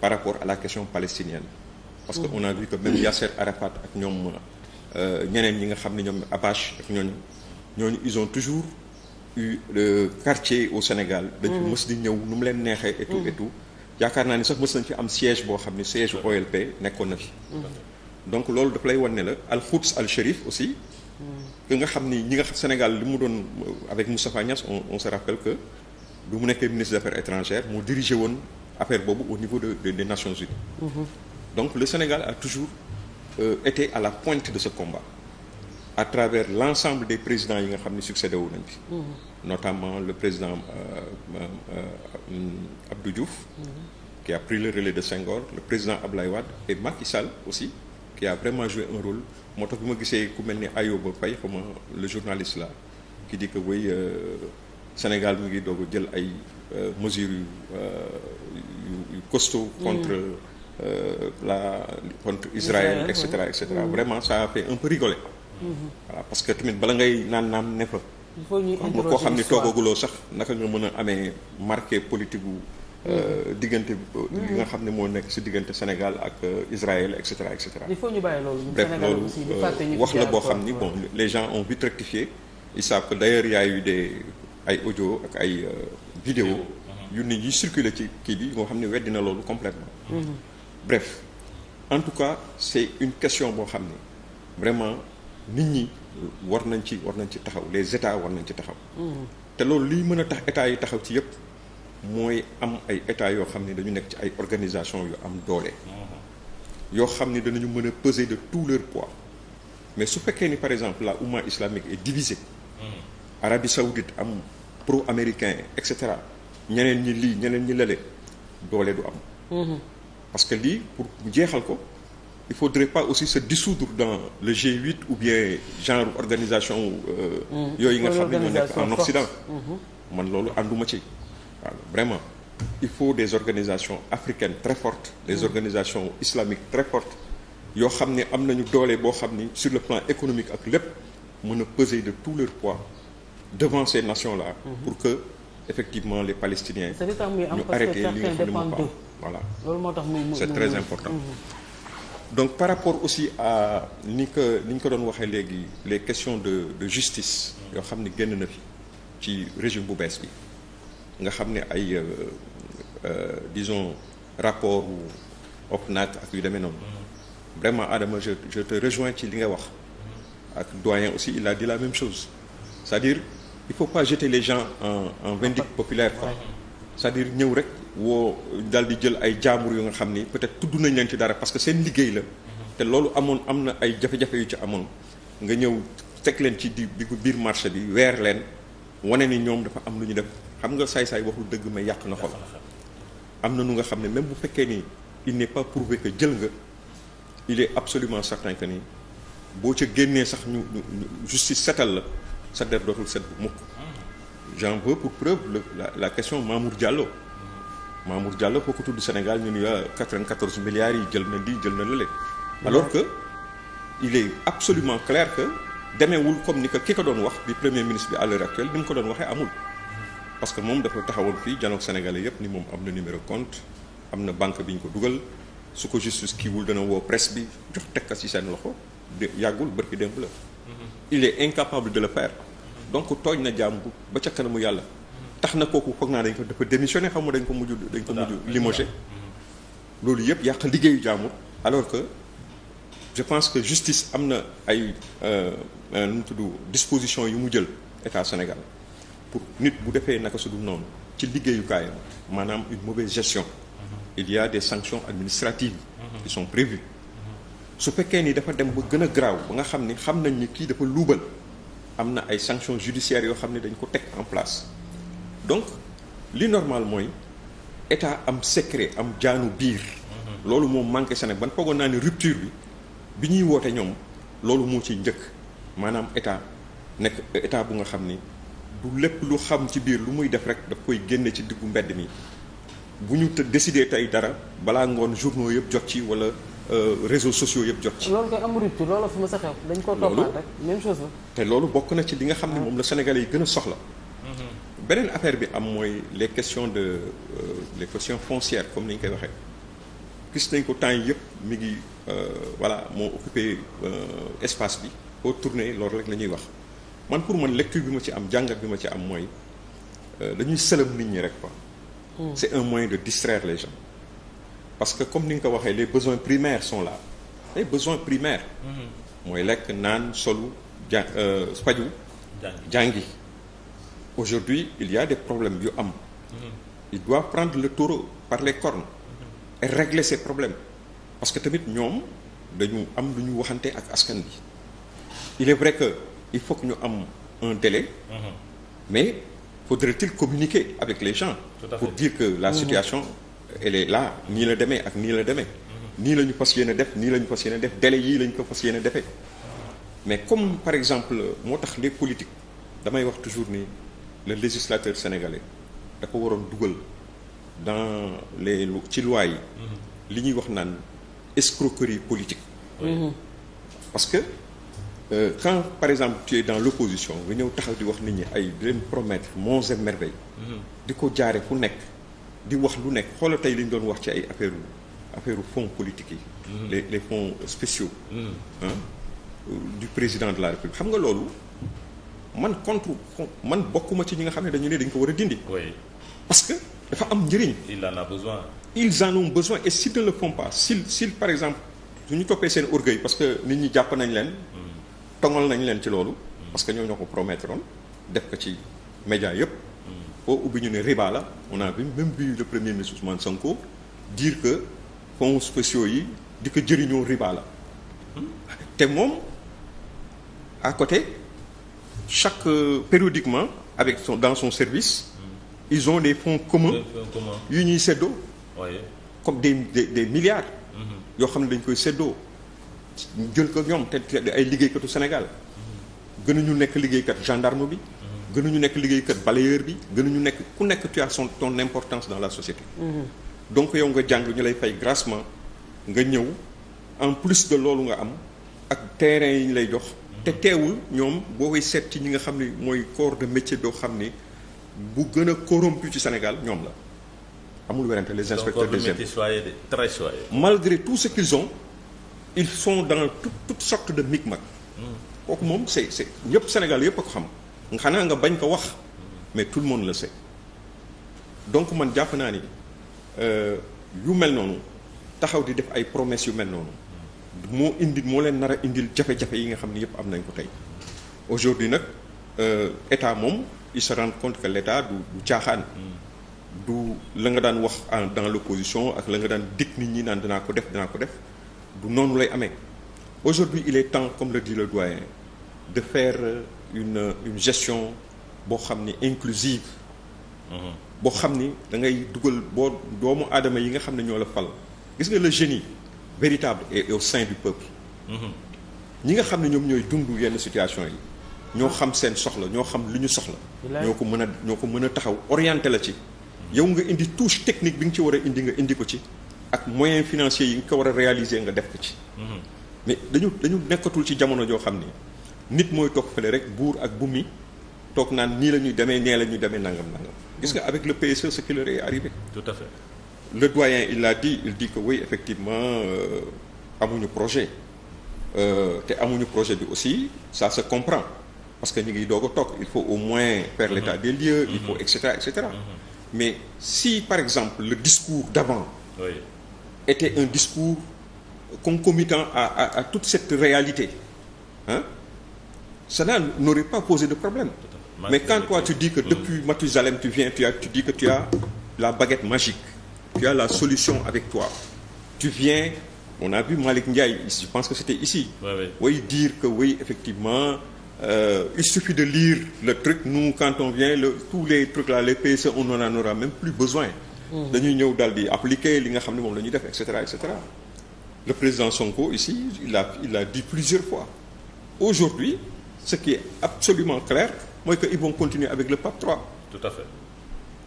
par rapport à la question palestinienne parce que on a vu que même Yasser Arafat ak ñoom euh, ñeneen yi nga xam ne ñoom Abache ak ñooñu ñooñu ils ont toujours eu quartier au Sénégal. Mm. dañu mës di ñëw nu mu leen neexee. et tout mm. et tout yaakaar naa ni sax mës nañ fi am siège boo xam ne siège mm. OLP nekkoon na fi. donc loolu daf lay wan la al Quds al Sharif aussi. que nga xam ni ñi nga xam Sénégal li mu doon euh, avec Moustapha Niass on on se rappelle que du mu nekkee ministre des affaires étrangères moo dirigé woon affaire boobu au niveau de, de des Nations Unies. Mm-hmm. donc le Sénégal a toujours euh, été à la pointe de ce combat à travers l'ensemble des présidents yi nga xam ni succédé wu nañ fi. Mm-hmm. notamment le président euh, euh, euh, Abdou Diouf. Mhm. qui a pris le relais de Senghor le président Ablaye Wade et Macky aussi qui a vraiment joué un rôle moo tax bi ma gisee ku mel ni Ayoba Paye xam ma le journaliste là qui dit que oui Sénégal mu ngi doog a jël ay mesures yu yu mhm. contre la contre Israël etc etc vraiment ça a fait un peu rigoler mhm. voilà parce que tamit bala ngay naan naan ne fa il faut ñuy koo xam ne toogaguloo sax naka nga mën a amee marqué politique gu. Euh, mm-hmm. diggante euh, li nga mm-hmm. xam ne moo nekk si diggante Sénégal ak euh, Israël et cetera et cetera. il faut loolu. Sénégal aussi di wax la boo xam ni bon les gens ont vite rectifié ils savent que d'ailleurs y de ay audio ak ay vidéo mm-hmm. yu nit yi circulé ci kii bi nga xam ne weddi na loolu complètement bref en tout cas c'est une question boo xam ne vraiment nit ñi war nañ ci war nañ ci taxaw les états war nañ ci taxaw. Mm-hmm. te loolu liy mën a tax états yi taxaw ci yëpp mooy am ay états yoo xam ne dañu nekk ci ay organisation yu am doole. Mm-hmm. yoo xam ne danañu mën a peser de tous leur poids mais su fekkee ni par exemple la oumma islamique est divisée. Mm-hmm. Arabie saoudite am pro américain et cetera ñeneen ñi lii ñeneen ñi lale doole du am. parce que lii pour mu jeexal ko. il faudrait pas aussi se dissoudre dans le G8 ou bien genre organisation euh, mmh. yooyu nga xam ne ñoo nekk en Occident mmh. man loolu ànduma ci vraiment il faut des organisations africaines très fortes des mmh. organisations islamiques très fortes yoo xam ni am nañu doole boo xam ni sur le plan économique ak lépp mën a peser de tout leur poids devant ces nations là pour que effectivement les Palestiniens ñu arrêté li nga xam ne voilà c'est très important donc par rapport aussi à ni ko ni ñu ko doon waxee léegi les questions de de justice yoo xam ni génn na fi ci régime bu bees bi nga xam ni ay euh, euh, disons rapport u OFNAC ak yu demee noonu vraiment Adama je je te rejoins ci li nga wax ak doyen aussi il a dit la même chose c'est-à-dire il faut pas jeter les gens en en vindicte populaire quoi c'est-à-dire ñëw rek woo dal di jël ay jaambur yu nga xam ni peut-être tudd nañ leen ci dara parce que seen liggéey la te loolu amoon am na ay jafe-jafe yu ci amoon nga ñëw teg leen ci di bi ko biir marché bi weer leen wane ni ñoom dafa am lu ñu def xam nga saay-saay waxul dëgg mais yàq na xol am na nu nga xam ne même bu fekkee ni il n'est pas prouvé que jël nga il est absolument certain que ni boo ca génnee sax ñu justice setal la sa der dootul set bu mukk j'en veux pour preuve la la question Mamour Diallo Mamour Diallo foo ko tudd Sénégal ñu ne ah 94 milliards yi jël na lii jël na lële. alors que il est absolument clair que demeewul comme ni ko ki ko doon wax bi premier ministre bi à l'heure actuelle ni mu ko doon waxee amul. parce que moom dafa taxawoon fii dialogue sénégalais yépp ni moom am na numéro compte am na banque bi ñu ko dugal su ko justice kiiwul dana woo presse bi jox tekka ci seen loxo de yàggul bërki démb la. Mm-hmm. il est incapable de le faire. donc tooñ na jàmm ba ca kanamu yàlla. tax na kooku foog naa dañ ko dafa démissionné xam nga dañ ko mujj dañ ko mujj limogé loolu yëpp yàq liggéeyu jaamur alors que je pense que justice am na ay euh, nu mu tudd disposition yu mu jël état Sénégal pour nit bu defee naka su noonu ci liggéeyukaayam maanaam une mauvaise gestion mm-hmm. il y a des sanctions administratives mm-hmm. qui sont prévues mm-hmm. su fekkee ni dafa dem ba gën a graaw ba nga xam ni xam nañ ni kii dafa luubal am na ay sanctions judiciaires yoo xam ne dañ ko teg en place donc li normal mooy état am secret am jaanu biir. loolu moom manqué Sénégal ban foogoon naa ne rupture bi bi ñuy woote ñoom loolu moo ciy njëkk maanaam état nekk état bu nga xam ni du lépp lu xam ci biir lu muy def rek daf koy génne ci diggu mbedd mi. bu ñu décidé tey dara balaa ngoon journaux yëpp jot ci wala euh, réseaux sociaux yëpp jot ci. loolu kay am rupture loolu fi ma sa xew. dañ ko toppaat rek même chose la. te loolu bokk na ci li nga xam ne ah. moom la Sénégalais yi gën a soxla. Mm-hmm. beneen affaire bi am mooy les questions de euh, les questions foncières comme ni ñu koy waxee gis nañ ko temps yëpp mi ngi euh, voilà moo occupé euh, espace bi boo tourné loolu rek la ñuy wax man pour man lecture bi ma ci am jàngat bi ma ci am mooy euh, dañuy sëlëm nit ñi rek quoi. Hmm. c'est un moyen de distraire les gens parce que comme ni nga koy waxee les besoins primaires son la les besoins primaires. Hmm. mooy lekk naan solu ja faju jàngi. aujourd'hui il y a des problèmes yu am mm-hmm. il doit prendre le taureau par les cornes mm-hmm. et régler ces problèmes parce que tamit ñoom dañu am lu ñu waxante ak askan bi il est vrai que il faut que ñu am un délai mm-hmm. mais faudrait-il communiquer avec les gens pour dire que la situation elle est là nii la demee ak nii la demee nii la ñu fas yéene def nii la ñu fas yéene def délai yii la ñu ko fas yéene defee mais comme par exemple moo tax les politique damay wax toujours nii le législateur sénégalais da ko waroon dugal dans le ci loi yi. Mm-hmm. li ñuy wax naan escroquerie politique. Oui. Mm-hmm. parce que euh, quand par exemple tu es dans l'opposition nga ñëw taxaw di wax nit ñi ay di leen promettre monts et merveilles. Mm-hmm. di ko jaare fu nekk di wax lu nekk xoola tey li ñu doon wax ci ay affaire affaire fonds politiques yi. les les fonds spéciaux. du président de la République xam nga loolu. man contre man bokkuma ci ñi nga xam ne dañu ne dañ ko war a dindi. oui parce que dafa am njëriñ. il en a besoin. ils en ont besoin et s'ils ne le font par exemple su ñu toppee seen orgueil parce que nit ñi jàpp nañ leen. Mm. tongal nañ leen ci loolu. Mm. parce que ñoo ñoo ko promettre woon def ko ci média yëpp. Mm. boo ubbi ñu ne riba la on bi vu même vu le premier ministre Ousmane Sonko dire que fonds spéciaux yi di ko jëriñoo riba la. te moom à chaque euh, périodiquement avec son dans son service mm. ils des fonds communs yu ñuy seddoo comme des des, des milliards mm-hmm. yoo xam ne dañ koy seddoo jël ko ñoom te ay liggéeykatu Sénégal mm-hmm. gën ñu nekk liggéeykat gendarme bi mm-hmm. gën ñu nekk liggéeykat balayeur bi gën a ñu nekk ku nekk tu as son importance dans la société mm. donc yow nga jàng ñu lay fay grassement nga ñëw en plus de loolu nga am ak terrain yi ñu lay jox te teewul ñoom boo koy seet ci ñi nga xam ni mooy corps de métier doo xam ni bu gën a corrompu ci Sénégal ñoom la amul werante les inspecteurs des impôts très soyeux malgré tout ce qu'ils ont il son dans toute toute sorte de mag hmm. kooku moom c'est c'est ñëpp Sénégal yëpp a ko xam nga xanaa nga bañ ko wax mais tout le monde le sait donc man jàpp naa ni euh, yu mel noonu taxaw di def ay promesses yu mel noonu moo indi moo leen nar a indil jafe-jafe yi nga xam ne yëpp am nañ ko tey aujourd'hui nag euh, état moom il se rend compte l'état du du mm. du la nga daan wax en dans l'opposition ak la nga daan dig nit ñi naan danaa ko def danaa ko def du noonu lay amee aujourd'hui il est temps comme le dit le doyen de faire une gestion boo xam ni inclusive mm-hmm. boo xam ni da ngay dugal boo doomu aadama yi nga xam ne ñoo la fal gis nga le génie véritable et au sein du peuple. Mhm. ñi nga xam ne ñoom ñooy dund yenn situation yi ñoo xam seen soxla ñoo xam lu ñu soxla. ñoo ko mën a ñoo ko mën a taxaw orienté la ci. yow nga indi touche technique bi nga ci war a indi nga indi ko ci ak moyens financiers yi nga ko war a réaliser nga def ko ci. Mhm. mais dañu dañu nekkatul ci jamono joo xam ni nit mooy toog fële rek buur ak bumi toog naan nii la ñuy demee nee la ñuy demee nangam nangam. gis nga mhm. avec le PSE ce qui leur est le doyen il l'a dit il dit que effectivement euh, amuñu projet euh, te amuñu projet bi aussi ça se comprend parce que ñu ngi doog a toog il faut au moins faire l'état mm-hmm. des lieux il faut mm-hmm. et cetera et mm-hmm. mais si par exemple le discours d'avant oui. était un discours concomitant à, à, à toute cette réalité hein cela n'aurait pas posé de problème mais quand toi tu dis que depuis Mathusalem tu viens tu que tu as la baguette magique tu la solution avec toi. Tu viens, on a vu Malik Ndiaye, je pense que c'était ici. Oui, ouais. oui, dire que oui, effectivement, euh, il suffit de lire le truc. Nous, quand on vient, le, tous les trucs là, les PSE, on n'en aura même plus besoin. Mmh. dañuy ñëw daal di appliquer li nga xam ne moom la ñuy def et cetera et le président Sonko ici il a il a dit plusieurs fois aujourd'hui ce qui est absolument clair mooy que ils vont continuer avec le PAP 3 tout à fait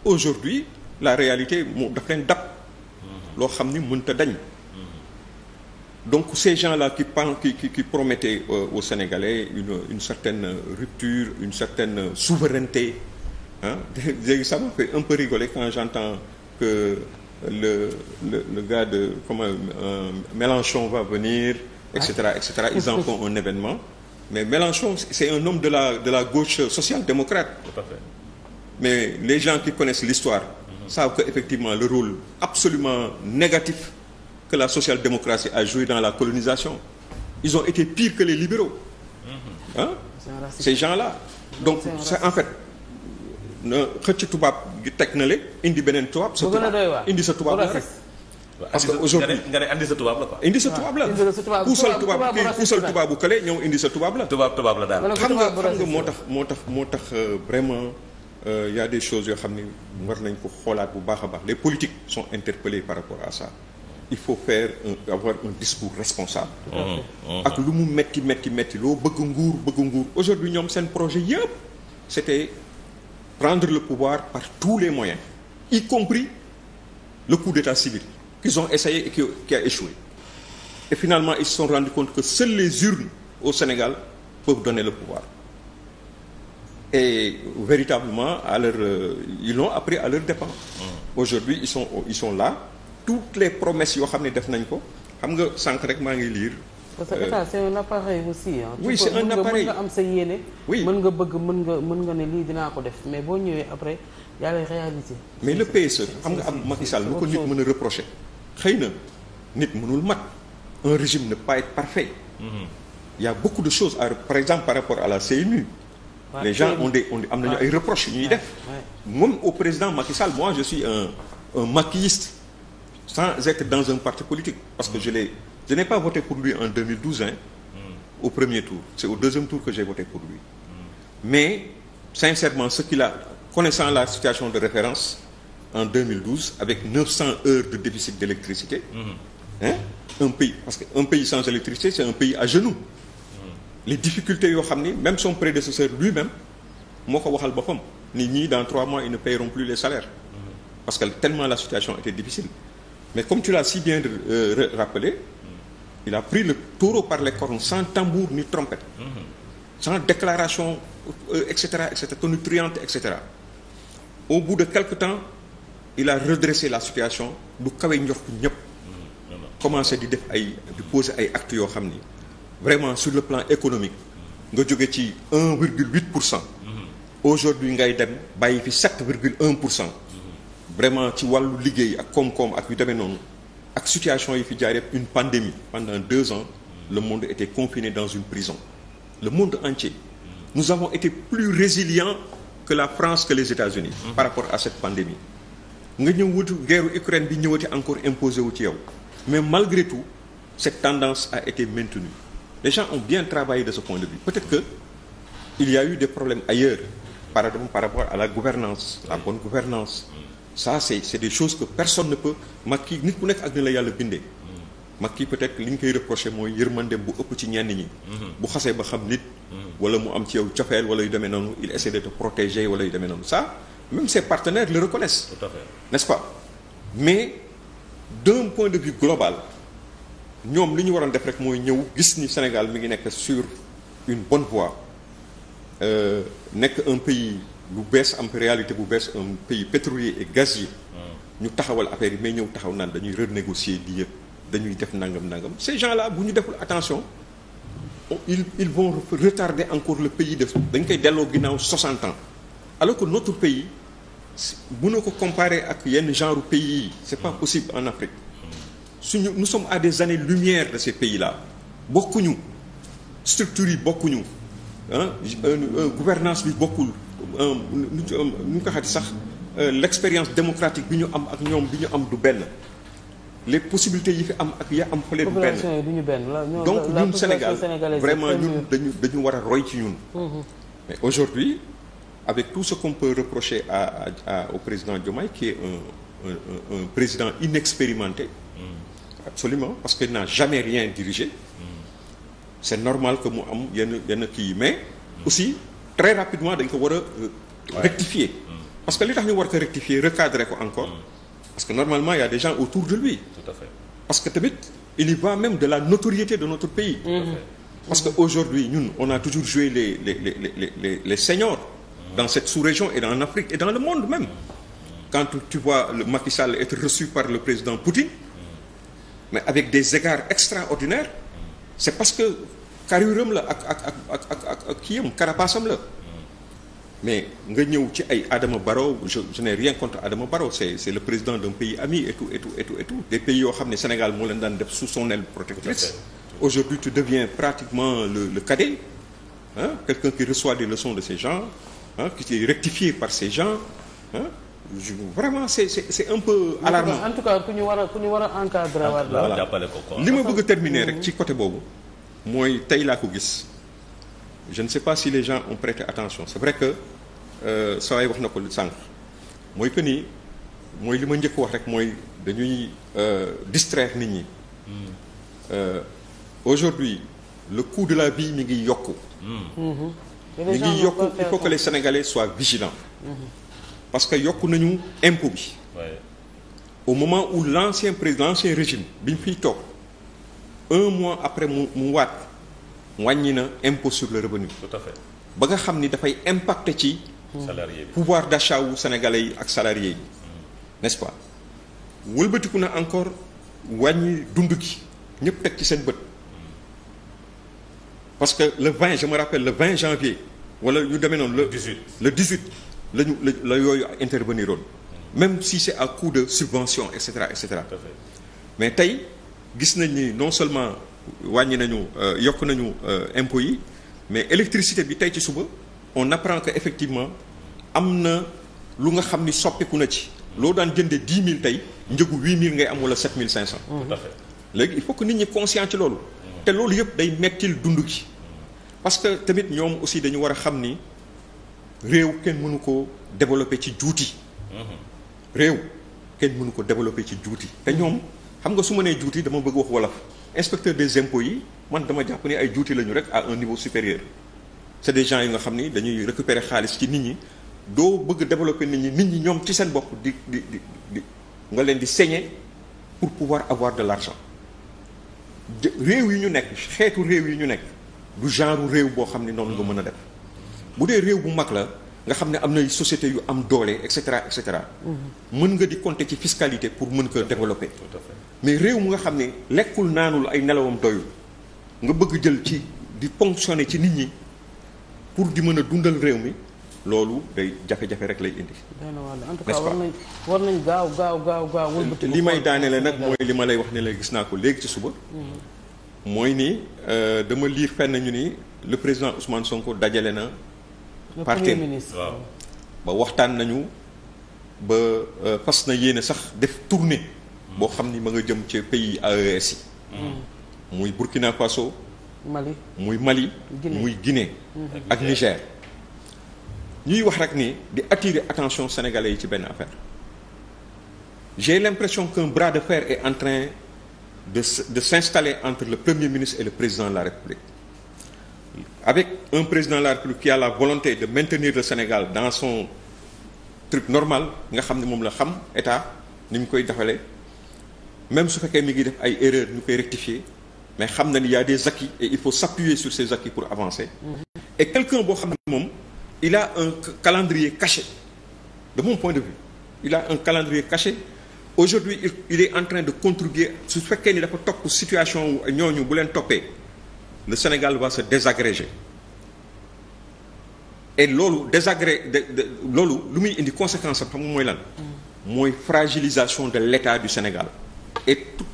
aujourd'hui la réalité moo daf leen dab loo xam ni mënta dañ donc ces gens-là qui pensent qui qui qui promettaient euh, au Sénégalais une une certaine rupture une certaine souveraineté ah léegi ça m'a un peu rigoler quand j'entends que le le de comment euh, Mélenchon va venir etc etc ils en font un événement mais Mélenchon c'est un homme de la de la gauche social-démocrate tout à mais les gens qui connaissent l'histoire savent que effectivement le rôle absolument négatif que la social-démocratie a joué dans la colonisation ils ont été pires que les libéraux ah ces gens-là donc c'est en fait na xëcc tubaab gi teg na le indi beneen tubaab sa tubaab indi sa tubaab la rek parce que aujourd'hui nga ne indi sa tubaab la quoi indi sa tubaab la puusal tubaab kële ñëw indi sa tubaab la tubaab tubaab la daal xam nga xam nga moo tax moo tax moo tax euh, vraiment Euh, y a des choses yoo xam ni war nañ ko xoolaat bu baax a baax les politiques sont interpellés par rapport à ça il faut faire un un discours responsable mmh, mmh. ak lu mu metti metti metti loo bëgg nguur bëgg nguur aujourd'hui ñoom seen projet yëpp c'était prendre le pouvoir par tous les moyens y compris le coup d'état civil qu'ils ont essayé et qui, qui a échoué et finalement ils sont rendus compte que seules les urnes au Sénégal peuvent donner le pouvoir et véritablement à leur euh, ils l'ont appris à leur dépens. Mm. aujourd'hui ils sont ils sont là toutes les promesses yoo xam ne def nañ ko xam nga sànq rek maa ngi liir parce que état euh, c'est un appareil aussi ah. oui am sa yéene. oui mën nga bëgg mën nga mën nga ne dinaa ko def mais boo ñëwee après yaa lay réaliser. mais le PSE xam nga am Macky Sall lu ko nit mën a reprocher xëy na nit mënul mat un régime ne pas être parfait. Mm-hmm. il y a beaucoup de choses à par exemple par rapport à la CNU. les gens ont des on am nañu ay reproches yu ñuy def moom au président Macky Sall moi je suis un un maquilliste sans être dans un parti politique parce que mm. je l'ai je n'ai pas voté pour lui en 2012 hein mm. au premier tour c'est au deuxième tour que j'ai voté pour lui mm. mais sincèrement ce qu'il a connaissant la situation de référence en 2012 avec 900 heures de déficit d'électricité hein un parce que un pays sans électricité c'est un pays à genoux les difficultés yoo xam ni même son prédécesseur lui-même moo ko waxal boppam ni ñii dans trois mois ils ne paieront plus les salaires mm-hmm. parce que tellement la situation était difficile mais comme tu la si bien euh, rappelé mm-hmm. il a pris le taureau par les cornes sans tambour ni trompette mm-hmm. sans déclaration euh, etc etc tonitruante etc au bout de quelque temps il a redressé la situation du kawe njox ñëpp commencé di def ay di poser ay actes yoo xam ni vraiment sur le plan économique nga jóge ci 1 virgule 8 pour cent mm-hmm. aujourd'hui ngay dem bàyyi fi 7 virgule 1 pour cent mm-hmm. vraiment ci wàllu liggéey ak koom-koom demee noonu ak situation yi fi jaar yëpp une pandémie pendant deux ans mm-hmm. le monde était confiné dans une prison le monde entier nous avons été plus résilients que la France que les États-Unis par rapport à cette pandémie nga ñëw wutu guerre Ukraine bi ñëwati encore imposé wu ci yow mais malgré tout cette tendance a été maintenue les gens ont bien travaillé de ce point de vue peut-être que il y a eu des problèmes ailleurs par par rapport à la gouvernance la bonne gouvernance ça c'est c'est des choses que personne ne peut Macky nit ku nekk ak ni la yàlla bindee Macky peut-être li ñu koy reproché mooy yërmandeem bu ëpp ci ñenn ñi bu xasee ba xam nit wala mu am ci yow cofeel wala demee noonu il de te protéger demee noonu ça même ses partenaires le reconnaissent tout à fait n'est-ce point de vue global ñoom li ñu waroon def rek mooy ñëw gis ni Sénégal mi ngi nekk sur une bonne voie euh, nekk un pays lu bees am réalité bu bees un pays pétrolier et gazier. Hmm. ñu taxawal affaire yi mais ñëw taxaw naan dañuy renégocier di yëpp dañuy def nangam nangam ces gens la bu ñu deful attention ils ils vont retarder encore le pays de dañ koy delloo ginnaaw 60 ans alors que notre pays mënoo ko comparer ak yenn genre pays yi c'est pas hmm. possible en Afrique. suñu nous sommes à des années lumière de ces pays là bokkuñu structures yi bokkuñu ah gouvernance bi bokkul nu ñu ko xati sax l'expérience démocratique bi ñu am ak ñoom bi ñu am du benn les possibilités yi fi am ak ya am fële du benn donc ñun Sénégal vraiment ñun dañu dañu war a roy ci ñun mm-hmm. mais aujourd'hui avec tout ce qu'on peut reprocher à, à, à au président Diomaye qui est un président inexpérimenté absolument parce qu'il n'a jamais rien dirigé c'est normal que mu am yenn yenn kii yi mais aussi très rapidement dañ ko war a euh, rectifier mm. parce que li tax ñu war ko rectifier recadrer ko encore mm. parce que normalement il a des gens autour de lui tout parce que tamit il y va même de la notoriété de notre pays tout à mm-hmm. fait parce que aujourd'hui ñun on a toujours joué les les les les les les seniors mm. dans cette sous-région et en Afrique et dans le monde même quand tu vois le Macky être reçu par le président Poutine mais avec des égards extraordinaires c'est parce que carrure la ak ak ak ak ak ak ak kii am carapace-am la mais nga ñëw ci ay Adama Barrow je je n'ai rien contre Adama Barrow c'est le président d'un pays ami et tout et tout des pays yoo xam ne Sénégal moo leen daan def sous son aile protectrice aujourd'hui tu deviens pratiquement le le cadet ah quelqu'un qui reçoit des leçons de ces gens ah qui est rectifié par ces gens je vraiment c'est c'est c'est en tout a ku ñu war a encadrer waat la jàppale ko quoi li ma bëgg a terminer rek mm. ci côté boobu mooy tey laa ko gis je ne sais pas si les gens ont prêté attention c'est vrai que euh, saa waay wax na ko sànq mooy que nii mooy li ma njëkk wax rek mooy dañuy euh, distraire nit ñi mm. euh, aujourd'hui le coût de la vie mi ngi yokk mm. mm-hmm. mi ngi yokku il faut que les Sénégalais soient vigilants mm-hmm. parce que yokk nañu impôt bi au moment où l'ancien président l'ancien régime bi ñu fiy toog un mois après mu mu waat wàññi na impôt sur le revenu ba nga xam ni dafay impacte ci hmm. salarié bi pouvoir d'achat wu sénégalais yi ak salarié yi hmm. n'est-ce pas wëlbatiku na encore wàññi dund gi ñëpp teg ci seen bët parce que le 20 je me rappelle le 20 janvier wala ñu demee noonu la 18 le 18 lañu la yooyu intervenir oon même si ak à coup de subvention et cetera et cetera mais tey gis nañ ni non seulement wàññi nañu euh, yokk nañu euh, impôts yi mais électricité bi tey ci suba on apprend que effectivement am na lu nga xam ni soppiku na ci loo daan jëndee dix mille tey njëgu huit mille ngay am wala sept mille cinq cent tout à fait léegi il faut ci loolu mm. te loolu yëpp day mettil dund gi parce que tamit ñoom aussi dañu war a xam ni réew kenn mënu ko développer ci juuti. réew kenn mënu ko développer ci juuti te ñoom xam nga su ma nee juuti dama bëgg wax wolof inspecteur des impôts yi man dama jàpp ni ay juuti lañu rek à un niveau supérieur c'est des gens yi nga xam ni dañuy récupérer xaalis ci nit ñi doo bëgg développer nit ñi nit ñi ñoom ci seen bopp di di di di nga leen di saigner pour pouvoir avoir de l'argent réew yi ñu nekk xeetu réew yi ñu nekk du genre réew boo xam ni noonu nga mën a def bu dee réew bu mag la nga xam ne am na société yu am doole et cetera et cetera. mën nga di compter ci fiscalité pour mën ko développer. tout à mais réew mu nga xam ne lekkul naanul ay nelawam doyul nga bëgg jël ci di ponctionner ci nit ñi pour di mën a dundal réew mi. loolu day jafe-jafe rek lay indi. en tout cas war nañ war nañ gaaw gaaw gaaw gaaw wëlbati li may daanele nag mooy li ma lay wax ne la gis naa ko léegi ci suba. Mhm. mooy ni euh, dama liir fenn ñu ni le président Ousmane Sonko dajale na. partir waaw ba waxtaan nañu ba euh, fas na yéene sax def tournée boo xam ni ma nga jëm ci pays AES yi hmm. muy Burkina Faso Mali muy Mali muy Guinée hmm. ak Niger ñuy wax rek nii di attirer attention sénégalais yi ci benn affaire j'ai l'impression qu'un bras de fer est en train de de s'installer entre le premier ministre et le président de la République avec un président la République qui a la volonté de maintenir le Sénégal dans son truc normal nga xam ne moom la xam état ni mu koy defalee même su fekkee mi ngi def ay erreurs ñu koy rectifier mais xam na ni y a des acquis et il faut s'appuyer sur ces acquis pour avancer mm-hmm. et quelqu'un boo xam ne moom il a un calendrier caché de mon point de vue il a un calendrier caché aujourd'hui il est en train de contribuer su fekkee ni dafa topp situation ñooñu bu leen toppee le Sénégal va se désagréger et loolu désagré loolu lu muy indi conséquence am xam nga mooy lan. Mm. mooy fragilisation de l'État du Sénégal et tout,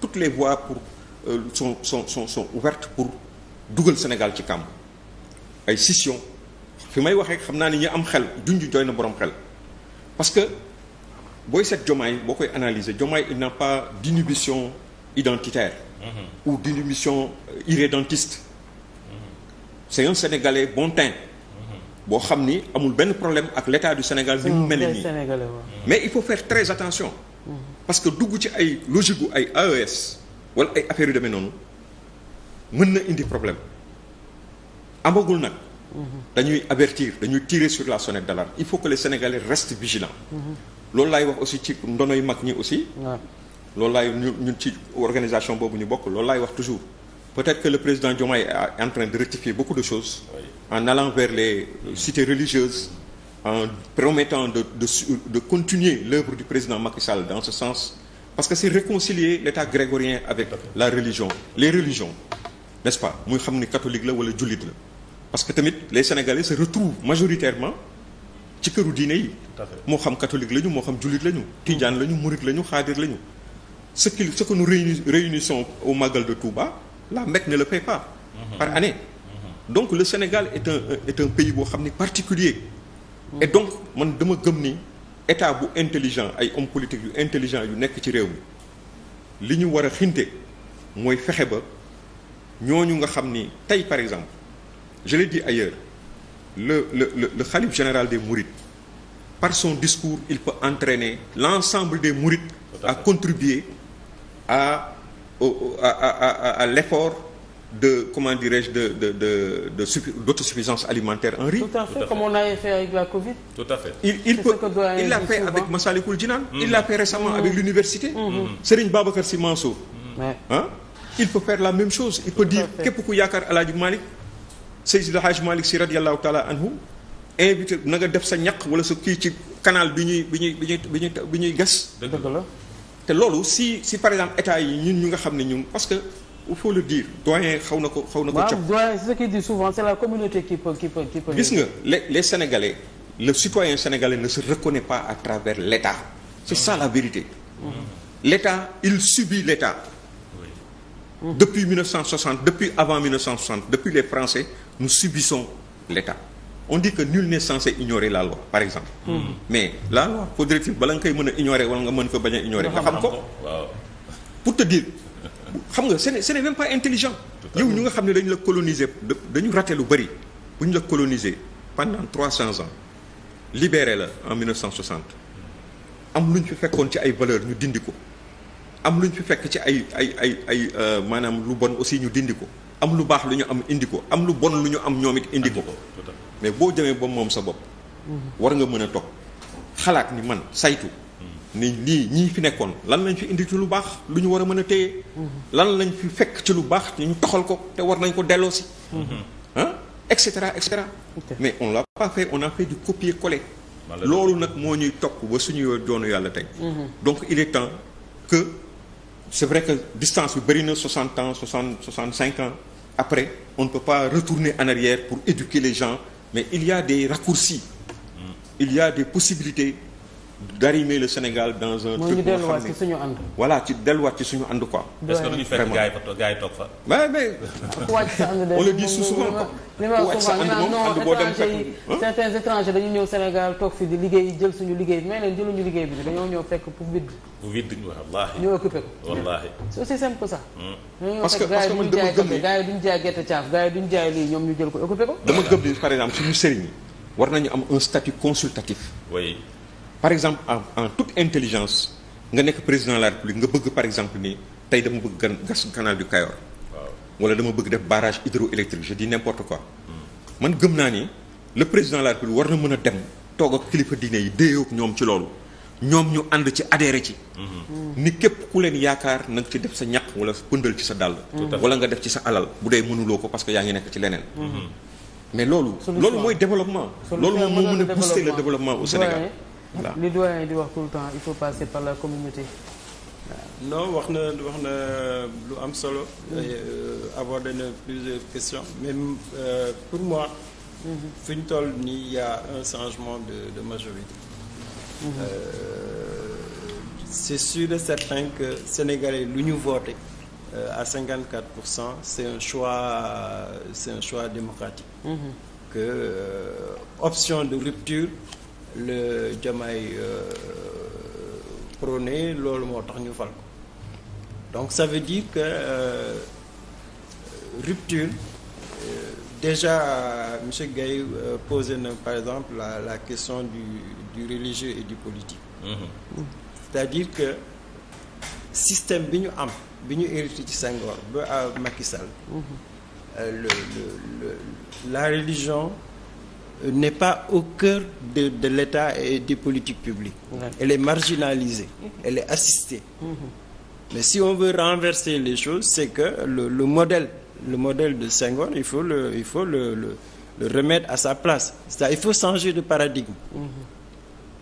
toutes les voies pour euh, son son son sont ouvertes pour dugal Sénégal ci kàmb ay scission fi may waxee xam naa ni ñu am xel junj doy na boroom xel parce que booy seet Diomaye boo koy analyser Diomaye il n'a pas d'inhibition identitaire. Mm-hmm. ou d'une mission euh, irrédentiste mm-hmm. c'est un sénégalais bon teint mm-hmm. boo xam ni amul benn problème ak l'état du Sénégal bi mu mm, mel nii mais il faut faire très attention parce que dugg ci ay logique gu ay AES wala ay affaire yu demee noonu mën na indi problème amagul nag dañuy avertir dañuy tirer sur la sonnette d'alarme il faut que les Sénégalais restent vigilants loolu laay wax aussi ci ndonoy mag ñi aussi loolu laay ñu ñun ci organisation boobu ñu bokk loolu laay wax toujours peut-être que le président Diomaye est en train de rectifier beaucoup de choses en allant vers les cités religieuses en promettant de de de continuer l'œuvre du président Macky Sall dans ce sens parce que c'est réconcilier l'État grégorien avec la religion les religions n'est-ce pas muy xam ni catholique la wala jullit la parce que tamit les Sénégalais se retrouvent majoritairement ci këru diine yi moo xam catholique la ñu moo xam jullit la ñu tijaan la ñu murit la ñu xaadir la ñu ce qui ce que nous réunissons au Magal de Touba la Mecque ne la paie pas. Mm par année. Mhm. donc le Sénégal et un est un pays boo xam ne particulier et donc man dama gëm ni état bu intelligent ay hommes politiques yu intelligent yu nekk ci réew mi li ñu war a xinte mooy fexe ba ñooñu nga xam ni tey par exemple je l'ai dit ailleurs le le le le khalife général des Mourides par son discours il peut entraîner l'ensemble des Mourides ak contribuer à au à à à, de de de de de d'autosuffisance alimentaire en riz. la Covid. tout à fait il il peut il l'a fait avec Massalikul Jinan. Mm-hmm. il l'a fait récemment avec mm-hmm. l'université. Mm-hmm. Serigne Babacar Sy Mansour. il peut faire la même chose. il peut dire képp ku yaakaar El Hadj Malick Seydi El Hadj Malick Sy radiyallahu taala anhu invité def sa ñaq wala sa kii ci canal bi ñuy bi ñuy bi ñuy bi ñuy gas. dëgg te loolu si si par exemple état yi ñun ñu nga xam ne ñun parce que il faut le dire doyen xaw na ko xaw na ko cop doyen c'est ce qu'il dit souvent c'est la communauté qui peut qui peut qui peut gis nga les les sénégalais le citoyen sénégalais ne se reconnaît pas à travers l'état c'est ça la vérité l'état il subit l'état depuis 1960 depuis avant 1960 depuis les français nous subissons l'état on dit que nul n'est censé ignorer la loi par exemple. Mm mais la loi faudrait-il bala nga koy mën a ignorer wala nga mën fa bañ a ignorer. nga xam ko pour te dire xam nga ce n'est ce n'est même pas intelligent. yow ñu nga xam ne dañu la coloniser dañu raté lu bari bu ñu la coloniser pendant trois cents ans libéré la en 1960 am lu ñu fi fekkoon ci ay valeurs ñu dindi ko am lu ñu fi fekk ci ay ay ay ay euh, maanaam lu bon aussi ñu dindi ko am lu baax lu ñu am indi ko am lu bon lu ñu am ñoom it indi ko. mais boo demee ba moom sa bopp. Mhm. war nga mën a toog xalaat ni man saytu. Mhm. ni lii ñii fi nekkoon lan lañ fi indi ci lu baax lu ñu war a mën a téye. Mhm. lan lañ fi fekk ci lu baax ñu toxal ko te war nañ ko delloo si. ah et cetera et cetera. mais on l'a pas fait on a fait du copier coller. loolu nag moo ñuy topp ba suñu joonu yàlla tey. donc il est temps que c'est vrai que distance yu bëri na soixante ans soixante soixante cinq ans après on ne peut pas retourner en arrière pour éduquer les mais il y a des raccourcis il y a des possibilités d'arrimer le Sénégal dans un. truc moo delluwaat ci suñu ànd. voilà ci delluwaat ci suñu ànd quoi. est ce que ñu fekk gars yi fa gars yi toog fa. mais mais. on le dit souvent quoi. li ma wax souvent non étranger yi certains étrangers dañu ñëw Sénégal toog fi di liggéey jël suñu liggéey mais leen jëluñu liggéey bi dañoo ñëw fekk pour vide. pour vide wallaahi. ñu occupé ko wallaahi. c'est aussi simple que ça. Hmm. parce que parce que man dama gëm ni gars yi duñ jaay gerte caaf gars yi duñ jaay lii ñoom ñu jël ko occupé ko. dama gëm ni par exemple suñu sëriñ war nañu am un statut consultatif. oui par exemple en tout intelligence nga nekk président la république nga bëgg par exemple ni tey dama bëgg gas canal du Kayor wala dama bëgg def barrage hydroélectrique je dis n'importe quoi man gëm naa ni le président de la république war na mën a dem toog ak kilifa diine yi déeyoog ñoom ci loolu ñoom ñu ànd ci adhéré ci mm-hmm. ni képp ku leen yaakaar na nga ci def sa ñaq wala pëndal ci sa dàll wala nga def ci sa alal bu dee mënuloo ko parce que yaa ngi nekk ci leneen mm-hmm. mais loolu loolu mooy loolu moom moo voilà li doyen di wax tout le temps il faut passer par la communauté. non wax na wax na lu am solo. Mm. Euh, aborder na plusieurs questions même euh, pour moi. Mm-hmm. fi ñu toll nii il y a un changement de de majorité. Mm -hmm. euh, c'est sûr et certain que Sénégalais lu ñu voté euh, à 54 pour cent c'est un choix c'est un choix démocratique. Mm -hmm. que euh, option de rupture. le Diomaye euh, prôné loolu moo tax ñu fal ko donc ça veut dire que euh, rupture euh, déjà monsieur Gaye posé na par exemple la la question du du religieux et du politique. Mm-hmm. c'est-à-dire que système bi ñu am bi ñu hérité ci Senghor ba à mm-hmm. la religion. n'est pas au cœur de, de l'État et des politiques publiques. Ouais. Elle est marginalisée, mhm. elle est assistée. Mmh. Mais si on veut renverser les choses, c'est que le, le, modèle, le modèle de Senghor, il faut le, il faut le, le, remettre à sa place. Il faut changer de paradigme. Mmh.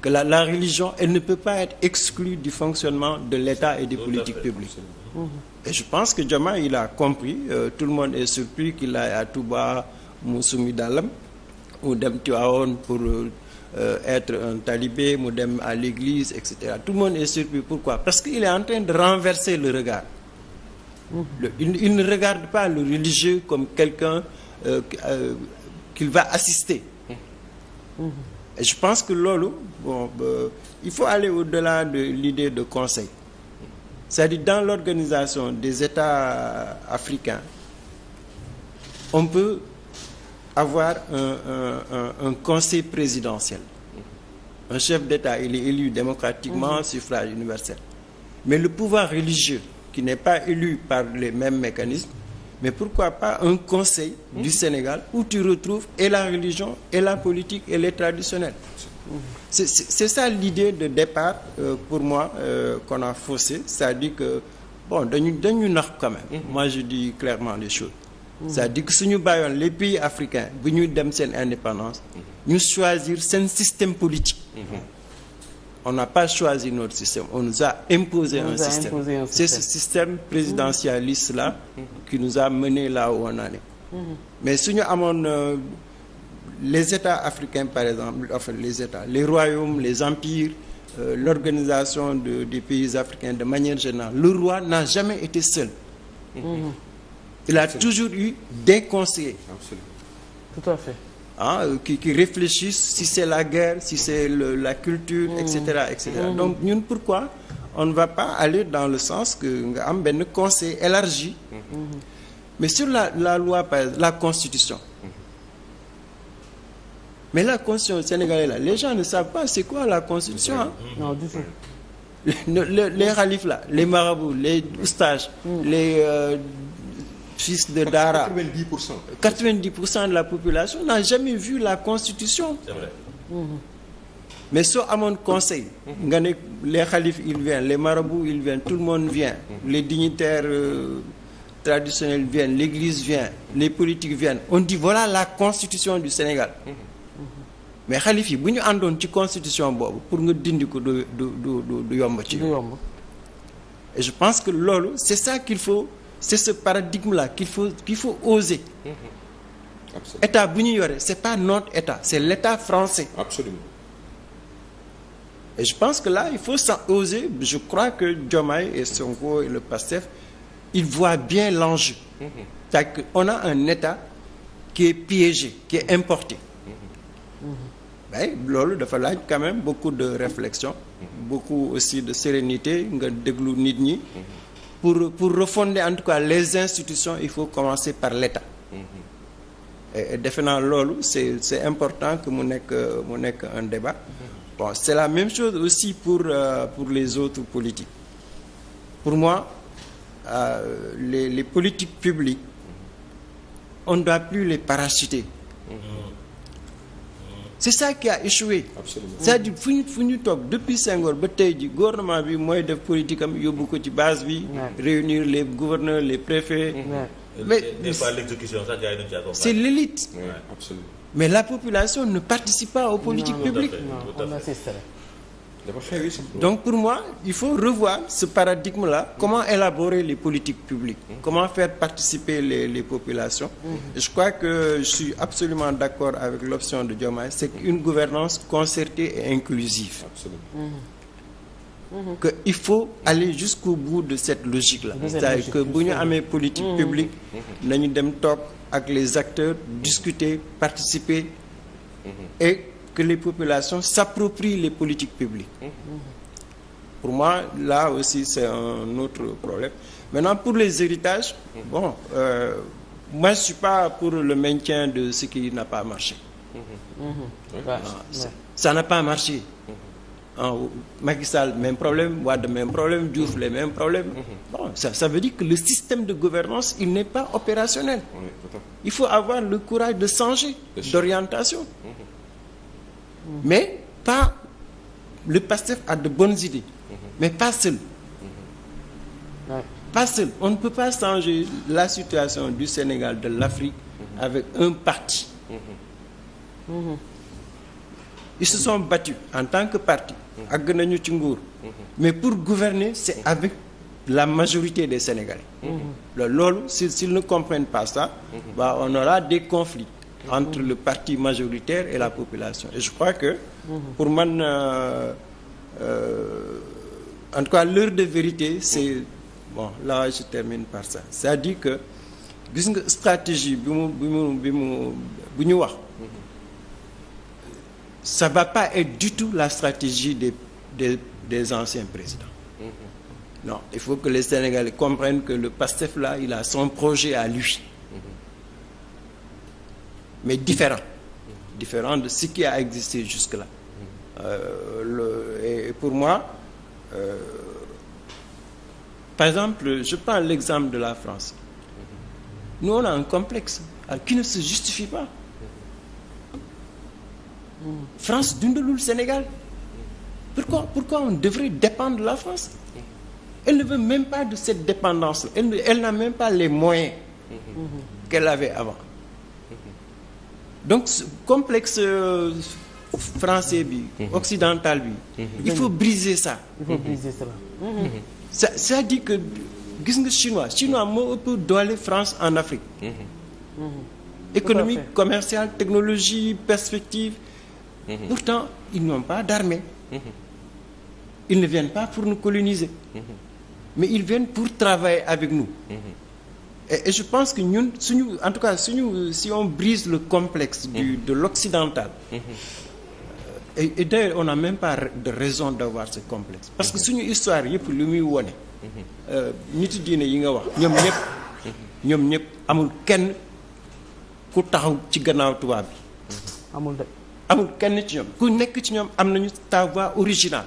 Que la, la, religion, elle ne peut pas être exclue du fonctionnement de l'État et des politiques publiques. Mhm. Et je pense que Djama, il a compris. Euh, tout le monde est surpris qu'il a à Touba, Moussoumi Dalam. mu dem Tivaouane pour euh, être un talibé mu dem à l'église et cetera tout le monde est surpris pourquoi parce qu'il est en train de renverser le regard mmh. le, il, il ne regarde pas le religieux comme quelqu'un euh, euh, qu'il va assister mmh. je pense que loolu bon euh, il faut aller au-delà de l'idée de conseil c'est-à-dire dans l'organisation des États africains on peut avoir un, un, un, un conseil présidentiel. Un chef d'État, il est élu démocratiquement, mmh. suffrage universel. Mais le pouvoir religieux, qui n'est pas élu par les mêmes mécanismes, mais pourquoi pas un conseil mmh. du Sénégal où tu retrouves et la religion, et la politique, et les traditionnels. C'est ça l'idée de départ euh, pour moi euh, qu'on a faussé. C'est-à-dire que, bon, de nous, de nous quand même. Mhm. Moi, je dis clairement les choses. c'est-à-dire que suñu bàyyoon les pays africains bu ñuy dem seen indépendance ñu choisir seen système politique on n'a pas choisi notre système on nous a imposé on un système c'est ce système présidentialiste là qui nous a mené là où on en est mais suñu amoon euh, les états africains par exemple les états les royaumes les empires euh, l'organisation de, des pays africains de manière générale le roi n'a jamais été seul mm-hmm. il a toujours eu des conseillers. Absolument. Tout à fait. ah qui réfléchissent si c'est la guerre si c'est la culture. Mmh. et cetera et cetera mmh. donc ñun pourquoi on ne va pas aller dans le sens que nga am benn conseil élargi. Mmh. mais sur la la loi par exemple la constitution. Mm-hmm. mais la constitution sénégalaise les gens ne savent pas c'est quoi la constitution ah. les les les marabouts les oustages. Mm. Euh, fils de daara 90 pour cent 90 pour cent de la population n'a jamais vu la constitution. Mmh. mais soo amoon conseil. Mmh. nga ne les xalifs ils viennent les marabouts ils viennent tout le monde vient. Mmh. les dignitaires euh, traditionnels viennent l'église vient les politiques viennent on dit voilà la constitution du Sénégal. mais xalif yi bu ñu àndoon ci constitution boobu pour nga dindi ko du du yomb ci. du et je pense que loolu c'est ça qu'il faut. c'est ce paradigme-là qu'il faut qu'il faut oser. Absolument. état bu yore c'est pas notre état c'est l'état français. Absolument. et je pense que là il faut s'en oser je crois que Diomaye et Sonko et le PASTEF ils voient bien l'enjeu. c'est-à-dire qu'on a un état qui est piégé qui est importé. bay loolu dafa laaj quand même beaucoup de réflexion. beaucoup aussi de sérénité nga déglu nit ñi. pour pour refonder en tout cas les institutions il faut commencer par l'État mm-hmm. defe naa loolu c'est c'est important que mu nekk mu nekk un débat mm-hmm. bon c'est la même chose aussi pour euh, pour les autres politiques pour moi euh, les politiques publiques mm-hmm. on ne doit plus les parachuter c'est ça qui a échoué cest dire fu ñu fu ñu toog depuis Senghor ba tey ji gouvernement bi mooy def politique am yóbbu ko ci base bi réunir les gouverneurs les préfets mais c'est l'élite mais la population ne participe pas aux politiques publiques donc pour moi il faut revoir ce paradigme là comment élaborer les politiques publiques mm-hmm. comment faire participer les les populations mm-hmm. je crois que je suis absolument d'accord avec l'option de Diomaye c'est mm-hmm. une gouvernance concertée et inclusive absolument. que il faut aller jusqu'au bout de cette logique là c'est-à-dire que bu ñu amee politique publique nañu dem toog ak les acteurs discuter participer et que les populations s'approprient les politiques publiques. Mmh. Pour moi, là aussi, c'est un autre problème. Maintenant, pour les héritages, mmh. bon, euh, moi, je ne suis pas pour le maintien de ce qui n'a pas marché. Mmh. Non, ça n'a pas marché. En Macky Sall, même problème, Wade, même problème, Diouf, les mêmes problèmes. Bon, ça, ça, veut dire que le système de gouvernance, il n'est pas opérationnel. Il faut avoir le courage de changer d'orientation. mais pas le PASTEF a de bonnes idées mais pas seul pas seul on ne peut pas changer la situation du Sénégal de l'Afrique avec un parti ils se sont battus en tant que parti àgg nañu ci nguur mais pour gouverner c'est avec la majorité des Sénégalais mhm. loolu s'ils ne comprennent pas ça mhm. bah on aura des conflits entre le parti majoritaire et la population et je crois que pour man euh, euh, en tout cas l'heure de vérité c'est bon là je termine par ça c'est-à-dire que gis nga stratégie bi mu bi mu bi mu bu ñu wax ça va pas être du tout la stratégie des des des anciens présidents non il faut que les Sénégalais comprennent que le PASTEF là il a son projet à lui mais différent différent de ce qui a existé jusque-là euh, le et pour moi euh, par exemple je prends l'exemple de la France nous on a un complexe qui ne se justifie pas France dundalul Sénégal pourquoi pourquoi on devrait dépendre de la France elle ne veut même pas de cette dépendance elle, elle n'a même pas les moyens qu'elle avait avant donc complexe euh, français bi. Mhm. occidental bi. Mhm. il faut briser ça. Mhm. ça. ça que gis nga chinois chinois moo ëpp doole France en Afrique. économie commerciale technologie perspective. pourtant ils n'ont pas d'armée. ils ne viennent pas pour nous coloniser. mais ils viennent pour travailler avec nous. et, je pense que ñun suñu en tout cas suñu si on brise le complexe du mm-hmm. de l'occidental mm-hmm. et, et on n'a même pas de raison d'avoir ce complexe parce que mm-hmm. suñu histoire yëpp li muy wone euh, nitu diine yi nga wax ñoom ñëpp ñoom ñëpp amul kenn ku taxaw ci gannaaw tubaab bi amul de amul kenn ci ñoom ku nekk ci ñoom am nañu ta voix originale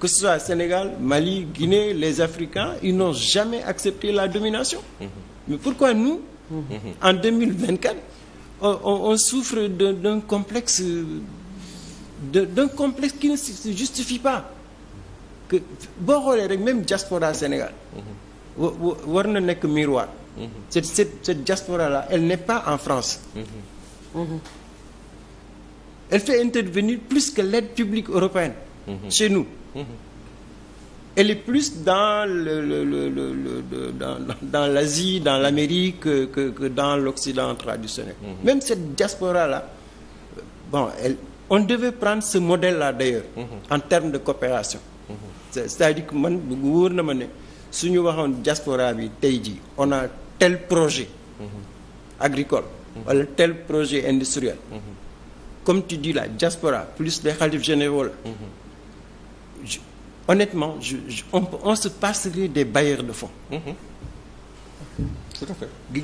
que ce soit Sénégal Mali Guinée les Africains ils n'ont jamais accepté la domination mhm. mais pourquoi nous mhm. en 2024 on, on, on souffre d'un complexe d'un complexe qui ne se justifie pas que boo xoolee rek même diaspora Sénégal mhm. war na nekk miroir cette cette cette là elle n'est pas en France elle fait intervenir plus que l'aide publique européenne chez nous elle est plus dans le, le, le, dans, dans l'Asie, dans l'Amérique que, dans l'Occident traditionnel. Mm -hmm. Même cette diaspora-là, bon, elle, on devait prendre ce modèle-là d'ailleurs mhm. en termes de coopération. Mm -hmm. C'est-à-dire que man, le si nous avons une diaspora, on a tel projet mhm. agricole, on mhm. tel projet industriel. Comme tu dis, la diaspora, plus les khalifs généraux, là, honnêtement je, je on, on se passerait des bailleurs de fonds. Mm-hmm.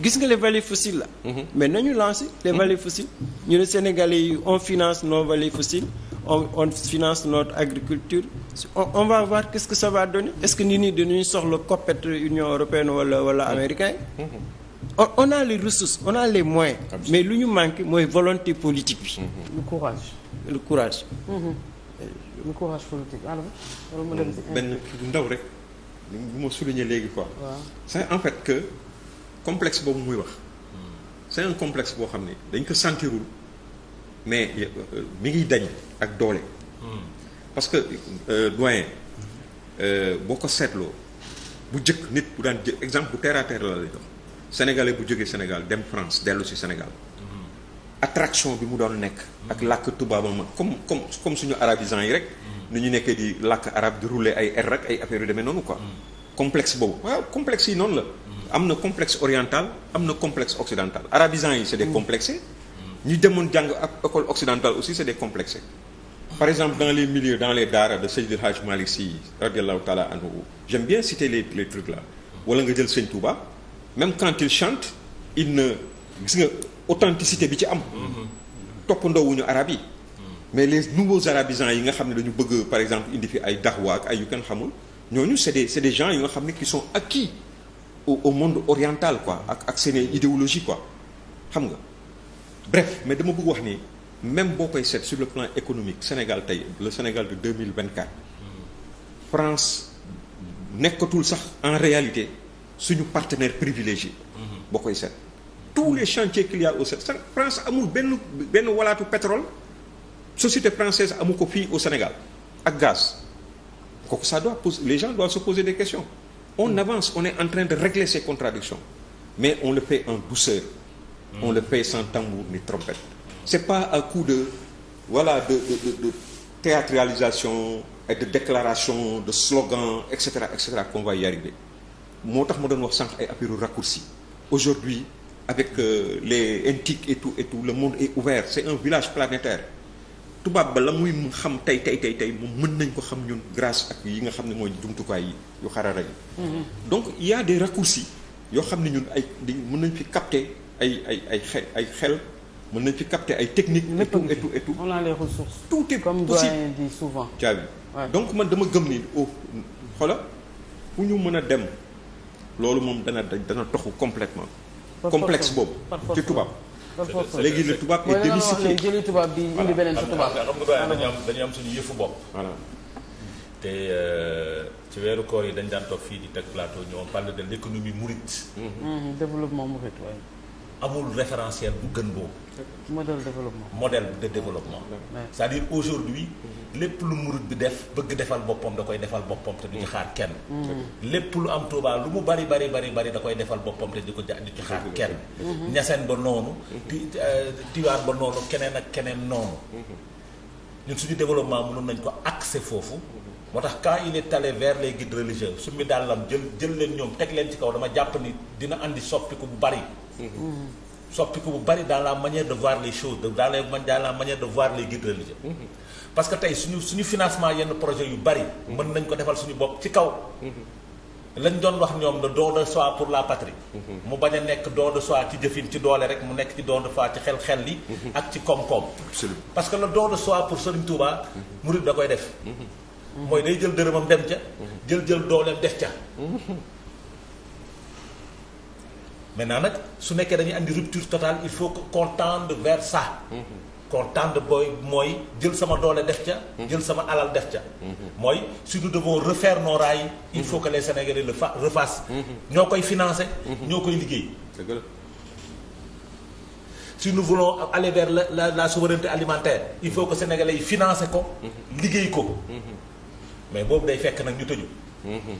gis nga les vallées fossiles là. Mm -hmm. mais nañu lancer les mm-hmm. vallées fossiles ñu ne Sénégalais yi on finance nos vallées fossiles on on finance notre agriculture on, on va voir qu'est-ce que ça va donner est-ce que nit ñi dañuy soxla coppite Union européenne wala wala mm-hmm. américain on, on ressources on a les moyens mais lu ñu manqué mooy volonté politique bi mm courage le courage le courage politique alors. loolu ma dem ndaw rek bu ma souligner léegi quoi. waaw c'est en fait que complexe boobu muy wax. c'est complexe boo xam ni dañ ko sentirul mais euh, mi ngi dañ ak doole. parce que euh, doyen euh, boo ko seetloo bu jëkk nit bu daan jël exemple bu terre à la lay dox sénégalais bu jógee Sénégal dem France dellu si Sénégal. attraction bi mu doon nekk. ak làkk tubaabam comme comme comme suñu arabisants yi rek. nu ñu nekkee di làkk arab di rouler ay R rek ay affaire yu demee noonu quoi. complexe boobu waaw complexe yi noonu la. am na complexe oriental am na complexe occidental arabisants yi c'est des complexés. ñu demoon jàng ak école occidentale aussi c'est des complexés. par exemple dans les milieux dans les daara de Seydil Hadj Malick Sy radiallahu taala anhu j'aime bien citer les les trucs là wala nga jël Sëñ Touba même quand il chante il ne authenticité bi ci am. topp ndowuñu arab yi. mais les nouveaux arabisans yi nga xam ne dañu bëgg par exemple indi fi ay daxwa ak ay yu xamul ñoo ñu des c'est des gens yu nga xam ne qui sont acquis au au monde oriental quoi ak ak seen idéologie quoi xam nga bref mais dama bëgg wax nii même boo koy seet sur le plan économique Sénégal tey le Sénégal de 2024 France nekkatul sax en réalité suñu partenaire privilégié. Mm-hmm. boo koy seet. tous les chantiers qu'il y a au Sénégal France amul benn benn walaatu pétrole société française amu ko fii au Sénégal ak gaz kooku ça doit les gens doivent se poser des questions on mm. avance on est en train de régler ces contradictions mais on le fait en douceur on le fait sans tambour ni trompette c'est pas à coup de voilà de de de, de théâtralisation et de déclaration de slogan et cetera et va y arriver moo tax ma doon wax sànq ay apéro raccourci aujourd'hui avec euh, les NTIC et tout le monde est ouvert c'est un village planétaire tubaab ba la muy xam tey tey tey tey moom mën nañ koo xam ñun grace ak yi nga xam ne mooy jumtukaay yi yu xarala yi donc il y a des yoo xam ne ñun ay di mën nañ fi capter ay ay ay xel ay xel mën nañ fi capter ay techniques et tout et tout et tout a les ressources tout est comme doyen dit souvent caabi donc man dama gëm ni oh xoola fu ñu mën a dem loolu moom dana dana toxu complètement complexe boobu ci tubaab léegi le tubaab est démystifié jëli tubaab bi indi beneen sa tubaab xam nga bàyyi dañu am suñu yëfu bopp voilà te euh, ci weeru koor yi dañ daan toog fii di teg plateau ñoo parle de l' économie mouride mmh, mmh, développement mouride waaye amul référentiel bu gën boobu. modèle développement. modèle de développement. c'est-à-dire aujourd'hui lépp lu murid bi def bëgg defal boppam da koy defal boppam te du ci xaar kenn. Mm. lépp lu am Tuubaa lu mu bari bari bari bari da koy defal boppam te di ko ja di ci xaar kenn. Mm-hmm. ñaseen ba noonu. Mm-hmm. ti tiwaat euh, ba noonu keneen ak keneen noonu. Mm-hmm. ñun suñu développement mënoon nañ ko accès foofu. moo tax quand il est allé vers les guides religieux su mi dàllam jël jël leen ñoom teg leen ci kaw dama jàpp ni dina andi soppiku bu bari. Mm-hmm. soppiku bu bari dans la manière de voir les choses dans les dans la manière de voir les mm-hmm. parce que tey suñu suñu financement yenn projet yu bari. Mm-hmm. mën nañ ko defal suñu bopp ci kaw. lañ doon wax ñoom le doo de soi pour la patrie. mu bañ a nekk doo de soi ci jëfin ci doole rek mu nekk ci doo de soi ci xel-xel li. ak ci koom-koom. parce que le don de soi pour Serigne Touba. murid da koy def. mooy day jël dërëmam dem ca. jël jël dooleem def ca. mais maintenant nag su nekkee dañuy andi rupture totale il faut que qu'on tende vers ça. Mhm. qu'on tende booy mooy jël sama doole def ca. Mhm. jël sama alal def ca. Mhm. mooy si nous devons refaire nos il faut que les Sénégalais le fa refassent. ñoo koy financer. ñoo koy liggéey. si nous voulons la la la souveraineté alimentaire il faut que sénégalais yi financer ko. liggéey ko. mais boobu day fekk nag ñu tëju.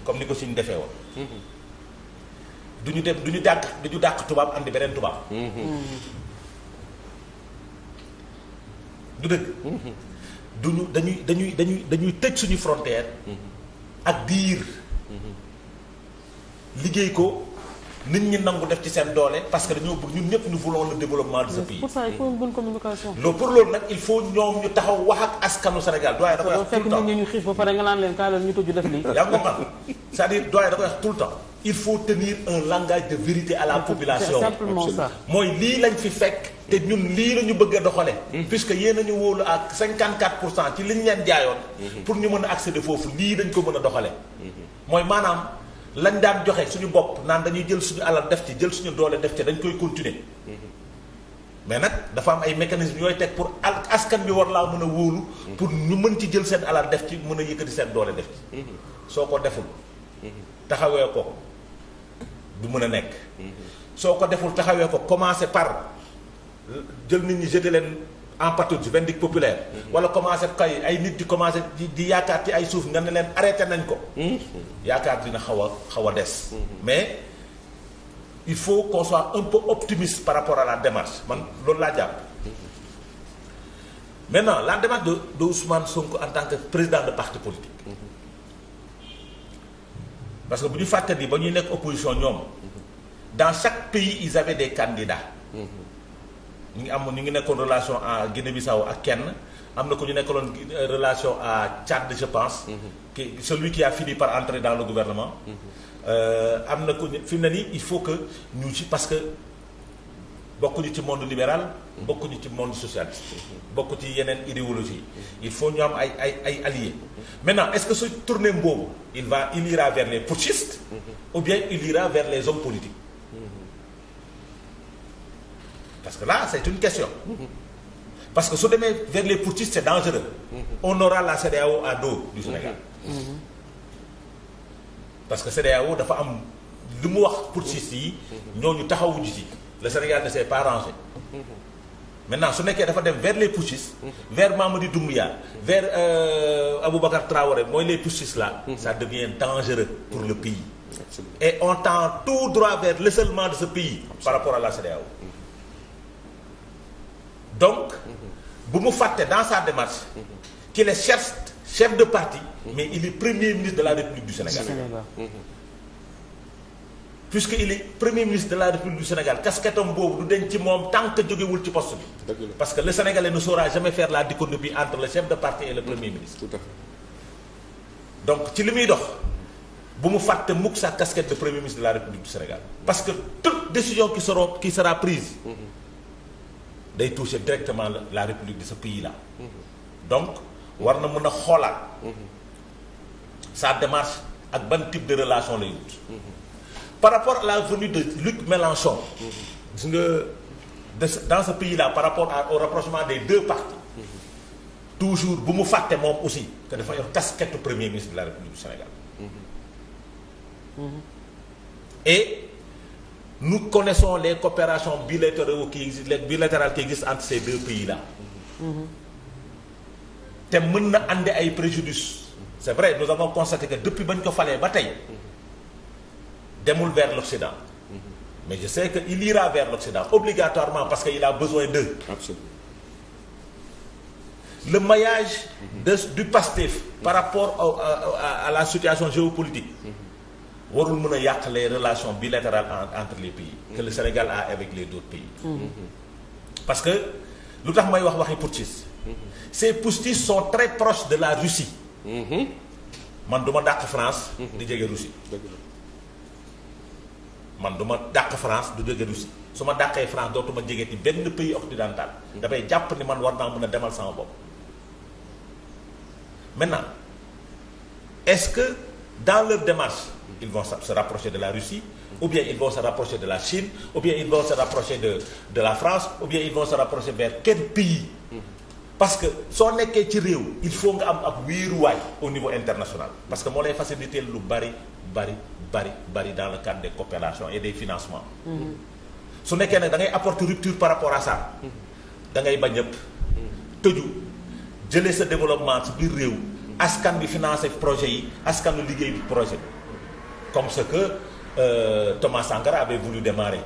comme ni ko ñu defee woon. du ñu dem du ñu dàq du ñu dàq tubaab andi beneen tubaab. du dëgg. du ñu dañuy dañuy dañuy dañuy tëj suñu frontière. ak diir. liggéey ko nit ñi nangu def ci seen doole parce que dañoo bëgg ñun ñëpp nous voulons le développement de ce pour ça il faut une communication. loolu pour loolu nag il faut ñoom ñu taxaw wax ak askanu Sénégal doyen da koy wax fekk nit ñi ñu xiif ba pare nga naan leen kaa leen tëju def lii. yaa ngi ko man c'est-à-dire da koy wax tout il faut tenir un langage de vérité à la population simplement ça mooy lii lañ fi fekk te ñun lii la ñu bëgg a doxale mm-hmm. puisque yéen a ñu wóolu ak 54 pour cent ci liñ leen jaayoon mm-hmm. pour ñu mën a accéder foofu lii dañ ko mën a doxale mm-hmm. mooy maanaam lañ daan joxe suñu bopp naan dañuy jël suñu alal def ci jël suñu doole def ci dañ koy continuer mais nag dafa am ay mécanismes yooy teg pour al askan bi war laa mën a wóolu pour ñu mën ci jël seen alal def ci mën a yëkkati seen doole def soo ko deful taxawee ko du mën a nekk. soo ko deful taxawee ko commencer par jël nit ñi jeter leen en pâture vindicte populaire. wala commencer kay ay nit di commencer di di yaakaar ci ay suuf nga ne leen arrêté nañ ko. yaakaar dina xaw a xaw a des. mais il faut qu'on soit un peu optimiste par rapport à la démarche man loolu laa jàpp. maintenant la démarche de de Ousmane Sonko en tant que président de parti politique. parce que bu ñu fàttali ni ba ñuy nekk opposition ñoom dans chaque pays ils avaient des candidats. ñu ngi am ñu ngi nekkoon relation à Guinée-Bissau ak kenn am na ko ñu nekkaloon euh, relation à Tchad je pense. qui celui qui a fini par entrer dans le gouvernement. Euh, am na ko fi mu ne nii il faut que ñu ci parce que. bokkuñu ci monde libéral bokkuñu ci monde socialiste bokku ci yeneen idéologie il faut ñu am ay ay ay alliés maintenant est-ce que su tournée boobu il va il ira vers les putschistes ou bien il vers les hommes politiques parce que là c'est une question parce que su demee vers les putschistes c'est dangereux on aura la CEDEAO à dos du Sénégal parce que CEDEAO dafa am lu mu wax putschistes yi ñu taxawuñu ci le Sénégal ne s'est pas rangé. maintenant su nekkee dafa dem vers les putschistes vers Mamadi Doumbouya vers euh, Aboubacar Traoré mooy les putschistes là ça devient dangereux pour le pays Absolument. et on tend tout droit vers l'esselement de ce pays par rapport à la CEDEAO donc bu mu fàtte dans sa démarche qu'il est chef chef de parti mmh. mais il est premier ministre de la République du Sénégal mmh. puisque il est premier ministre de la République du Sénégal casquette am boobu du denc ci moom tant jógewul ci poste bi parce que le Sénégalais ne saura jamais faire la dichotomie entre le chef de parti et le premier mmh, ministre donc ci li muy dox bu mu fàtte mukk sa casquette de premier ministre de la République du Sénégal parce que toute décision qui sera qui sera prise mmh, mmh. day toucher directement la République de ce pays là donc war na mën a xoolaat sa démarche ak ban type par rapport à la venue de Luc Mélenchon gis nga dans ce pays là par rapport au rapprochement des deux partis toujours bu mu fàtte moom aussi que dafa yor casquette premier ministre de la République du Sénégal et nous connaissons les coopérations bilatérales qui existent les bilatérales qui existent entre ces deux pays là te mën na àndi ay préjudice c'est vrai nous avons constaté que depuis bañ ko falee ba tey demul vers l'Occident mais je sais que il ira vers l'Occident obligatoirement parce que il a besoin d'eux le maillage de du PASTEF par rapport au, à, à, à la situation géopolitique warul mën a yàq les relations bilatérales entre les pays que le Sénégal a avec les autres parce que lu tax may wax waxi putschistes ces putschistes sont très proches de la Russie mhm. man du ma dàq France di jege Russie man du ma dàq France du jóge Russie su ma dàqee France dootuma jegeti benn pays occidental mm-hmm. damay jàpp ni man war naa mën a demal sama bopp maintenant est-ce que dans leur démarche ils vont se rapprocher de la Russie mm-hmm. ou bien ils vont se de la Chine ou bien ils vont se rapprocher de de la France ou bien ils vont se rapprocher vers quel parce que soo nekkee ci réew il faut nga am ab wiiruwaay au niveau international parce que moo lay faciliter lu bari bari bari bari dans le cadre des coopérations et des financements mm-hmm. su nekkee nag da ngay apporter rupture par rapport à ça mm-hmm. da ngay bañ ñëpp mm-hmm. tëju jëlee sa développement ci biir réew askan bi financer projet yi askan bi liggéey bi projet comme ce que euh, Thomas Sankara avait voulu démarrer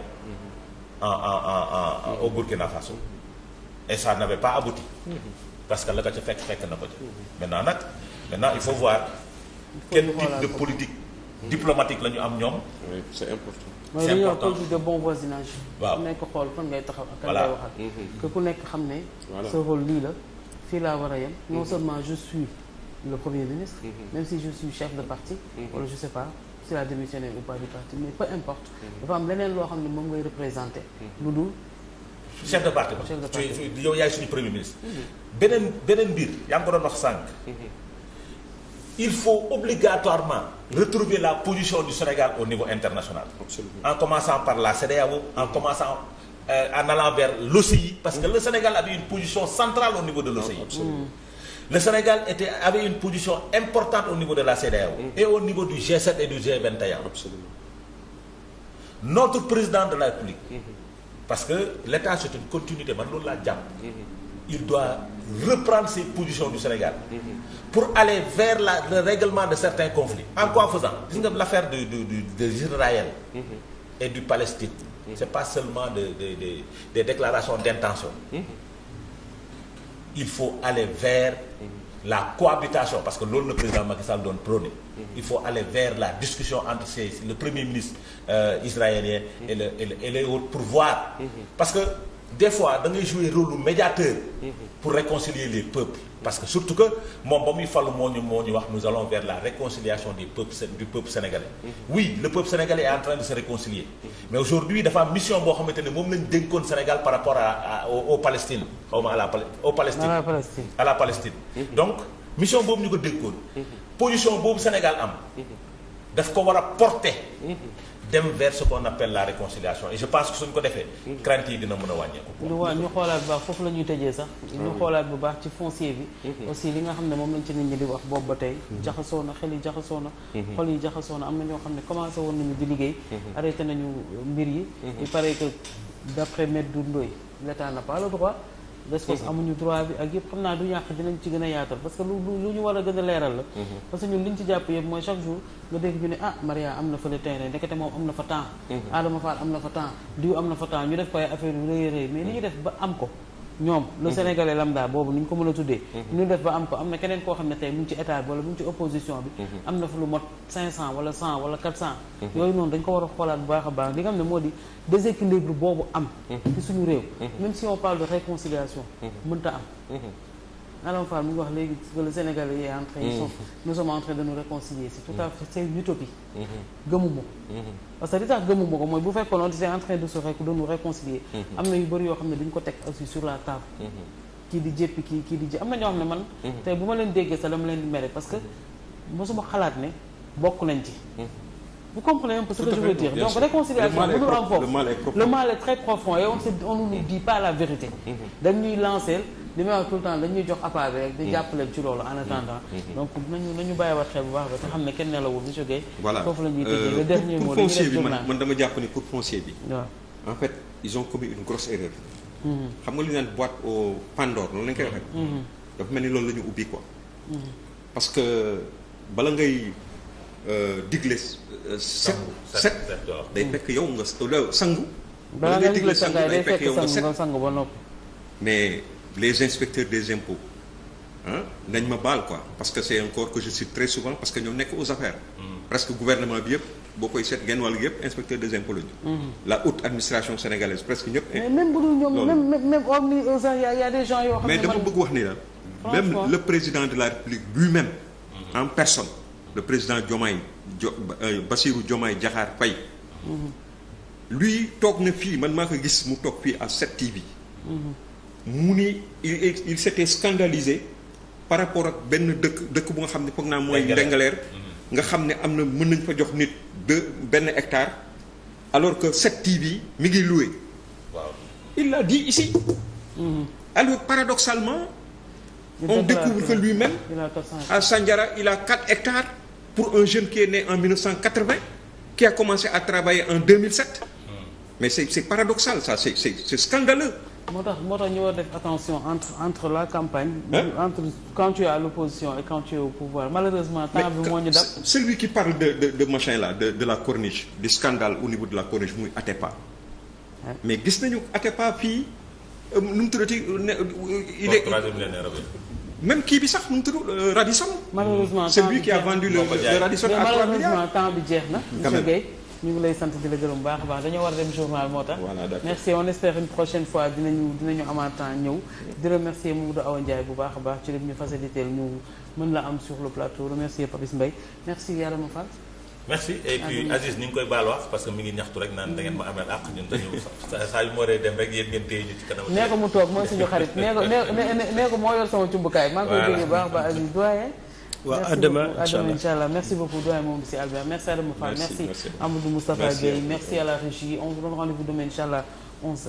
en en en en au Burkina Faso et ça n'avait pas abouti. parce que la ko ca fekk fekk na ko ca. maintenant nag maintenant il faut voir. quel type de politique. diplomatique la ñu am ñoom. oui c'est important. c'est important mooy de bon voisinage. waaw ku nekk xool ngay taxaw ak kan ku nekk xam ne. sa rôle lii la fii laa war a yem. non mhm. seulement je suis le premier ministre. Mhm. même si je suis chef de parti. Mhm. wala je sais pas s'il a démissionné ou pas du parti mais peu importe. am leneen loo xam ne moom ngay représenté lu dul. chef de parti ba yow yaay suñu premier ministre beneen beneen mbir yaa ngi ko doon wax sànq mhm. il faut obligatoirement retrouver la position du Sénégal au niveau international Absolument. en commençant par la CEDEAO en mhm. commençant euh, en allant vers parce que mhm. le Sénégal avait une position centrale au niveau de l'OCI le Sénégal était avait une position importante au niveau de la CEDEAO et au niveau du G7 et du G21 notre président de la République parce que l' état c' est une continuité man loolu laa jàpp. Mm-hmm. il doit reprendre ses positions du Sénégal. Mm-hmm. pour aller vers la le règlement de certains conflits. en quoi faisant gis nga l' affaire du du du de Israël. Mm-hmm. et du Palestine. c' pas seulement de de de des déclarations d' intention. il faut aller vers. la cohabitation parce que loolu le président Macky Sall doon prôné il faut aller vers la discussion entre ces le premier ministre euh, israélien et le et le et les autres pour mm-hmm. parce que des fois da ngay jouer rôle médiateur mm-hmm. pour réconcilier les peuples parce que surtout que moom ba muy falu moo ñu moo ñu wax nous allons vers la réconciliation des peuples peuple sénégalais. Mm-hmm. oui le peuple sénégalais est en train réconcilier. Mm-hmm. mais aujourd'hui dafa mission boo xamante ne moom lañ dénkoon Sénégal par rapport a à au Palestine xaw ma à la au Palestine. à la Palestine mm-hmm. donc mission boobu ñu ko dénkoon. position boobu Sénégal am. daf ko war a porter. dem vers ce qu'on la réconciliation et je pense suñ ko defee. crainte yi dina mën a wàññeeku. ñu waa ñu xoolaat bu baax foofu la ñuy tëjee sax. ñu ah xoolaat bu baax ci foncier bi. Mhm. aussi li nga xam ne moom lañ ci nit ñi di wax boobu ba tey. Mhm. jaxasoo na xel yi jaxasoo na. Mhm. xol yi jaxasoo na am na ñoo xam ne commencé woon nañu di liggéey. arrêté nañu mbir yi. il paraît que d'après Maître Doudou Ndoye l'État n'a pas le droit. response mhm. amuñu droit bi ak yëpp xam naa du ñàkk dinañ ci gën a yaatal parce que lu lu ñu war a gën a leeral la mhm. parce que liñ ci jàpp yëpp mooy chaque jour nga dégg ñu ne ah Maria am na fële terrain ndekete moom am na fa temps mhm. Adama Fall am na fa temps diw am na fa temps ñu def koy affaire yu rëy mais li ñu def ba am ko ñoom le mhm. sénégalais lambda boobu ni ñu ko mën a tuddee mhm. ñu def ba am ko am na keneen koo xam ne tey mu ngi ci état bi wala mu ngi ci opposition bi mhm. am na fa lu mot 500 wala 100 wala 400 yooyu noonu dañ ko war a xoolaat bu baax a baax li nga xam ne moo di déséquilibre boobu am ci suñu réew même si on parle de réconciliation mënta am Alain Fall mu ngi wax léegi que le Sénégal yi en train ils sont mm-hmm. nous sommes en train de réconcilier c'est tout à fait une utopie mm-hmm. gëmuma mm-hmm. parce que li tax gëmuma ko mooy bu fekkoon on était en train de yoo xam ne dañ ko teg aussi sur la table kii di jéppi kii kii di ji am na ñoo xam ne man tey bu ma leen déggee sax leen di mere parce que mosuma xalaat ne bokk nañ ci vous comprenez la vérité dañuy lancer li may wax tout le temps dañuy jox appât bi rek di hmm. jàppale ci loolu en attendant hmm. Hmm. donc nañu nañu bàyyi wat xel bu baax ba te xam ne kenn nelawul monsieur Guèye voilà foofu la euh, bi man man dama jàpp ni pour foncier bi waaw en fait ils ont commis une grosse erreur xam nga li ñu naan boîte au Pandore loolu lañ koy waxee dafa mel ni loolu la ñu ubbi quoi parce que bala ngay euh, digle euh, set set day fekk yow nga sangu bala ngay digle sangu day fekk yow nga set mais les inspecteurs des impôts ah nañ ma baal quoi parce que c'est un corps que je cite très souvent parce que ñoo nekk aux affaires mm. presque gouvernement bi yëpp boo koy seet genn wàll yëpp inspecteur des impôts lañu mm. la haute administration sénégalaise presque ñëpp mais même bu dul ñoom même même omni euh, mais dama bëgg wax ni daal même le président de la république lui-même mm-hmm. en personne le président Diomaye jo euh, Bassirou Diomaye Diakhar Faye mm-hmm. lui toog na fii man maa ko gis mu toog fii ak 7TV mu ni il il s'était par rapport ak benn dëkk dëkk bu nga xam ne foog naa mooy Ndengaleer mhm. nga xam ne am na mën nañ fa jox nit de benn hectare alors que 7TV mi ngi loué waaw il l'a dit ici mhm. alors paradoxalement on découvre que lui-même à Sandiara il a hectare hectares pour un jeune qui est né en 1980 qui a commencé à travailler en 2007 mhm. mais c'est c'est paradoxal ça c'est c'est c'est scandaleux moo tax moo tax ñu war def attention entre entre la campagne. Hein? entre quand tu es à l'opposition et quand tu es au pouvoir malheureusement. temps bi moo ñu dab celui qui parle de de de machin de la corniche. du scandale au niveau de la corniche muy Atepa. mais gis nañu Atepa fii euh, nu mu tuddati euh, ne. Euh, il est kii bi sax nu mu tudd Radisson. malheureusement temps bi jeex na c'est lui qui temps bi jeex na. monsieur Guèye. ñu ngi lay sant di la gërëm baax a baax dañoo war a dem journal moo tax. merci on espère prochaine fois dinañu dinañu amaat temps ñëw. di remercier Mamadou Awa Ndiaye bu baax baax ci li ñu facilité ñu mën la am sur le plateau remercier Papis Mbaye merci Yarama Fall. merci et puis Aziz ñu koy baal wax parce que mi ngi ñaxtu rek naan da ngeen ma ameel àq ñun dañu saa yu ma waree dem rek yéen ngeen téye ñu ci kanam. nee ko mu toog mooy suñu xarit nee waaw à demain incha allah merci beaucoup doyen Mamadou Sy Albert merci Adama Fall merci Amadou Moustapha allah 11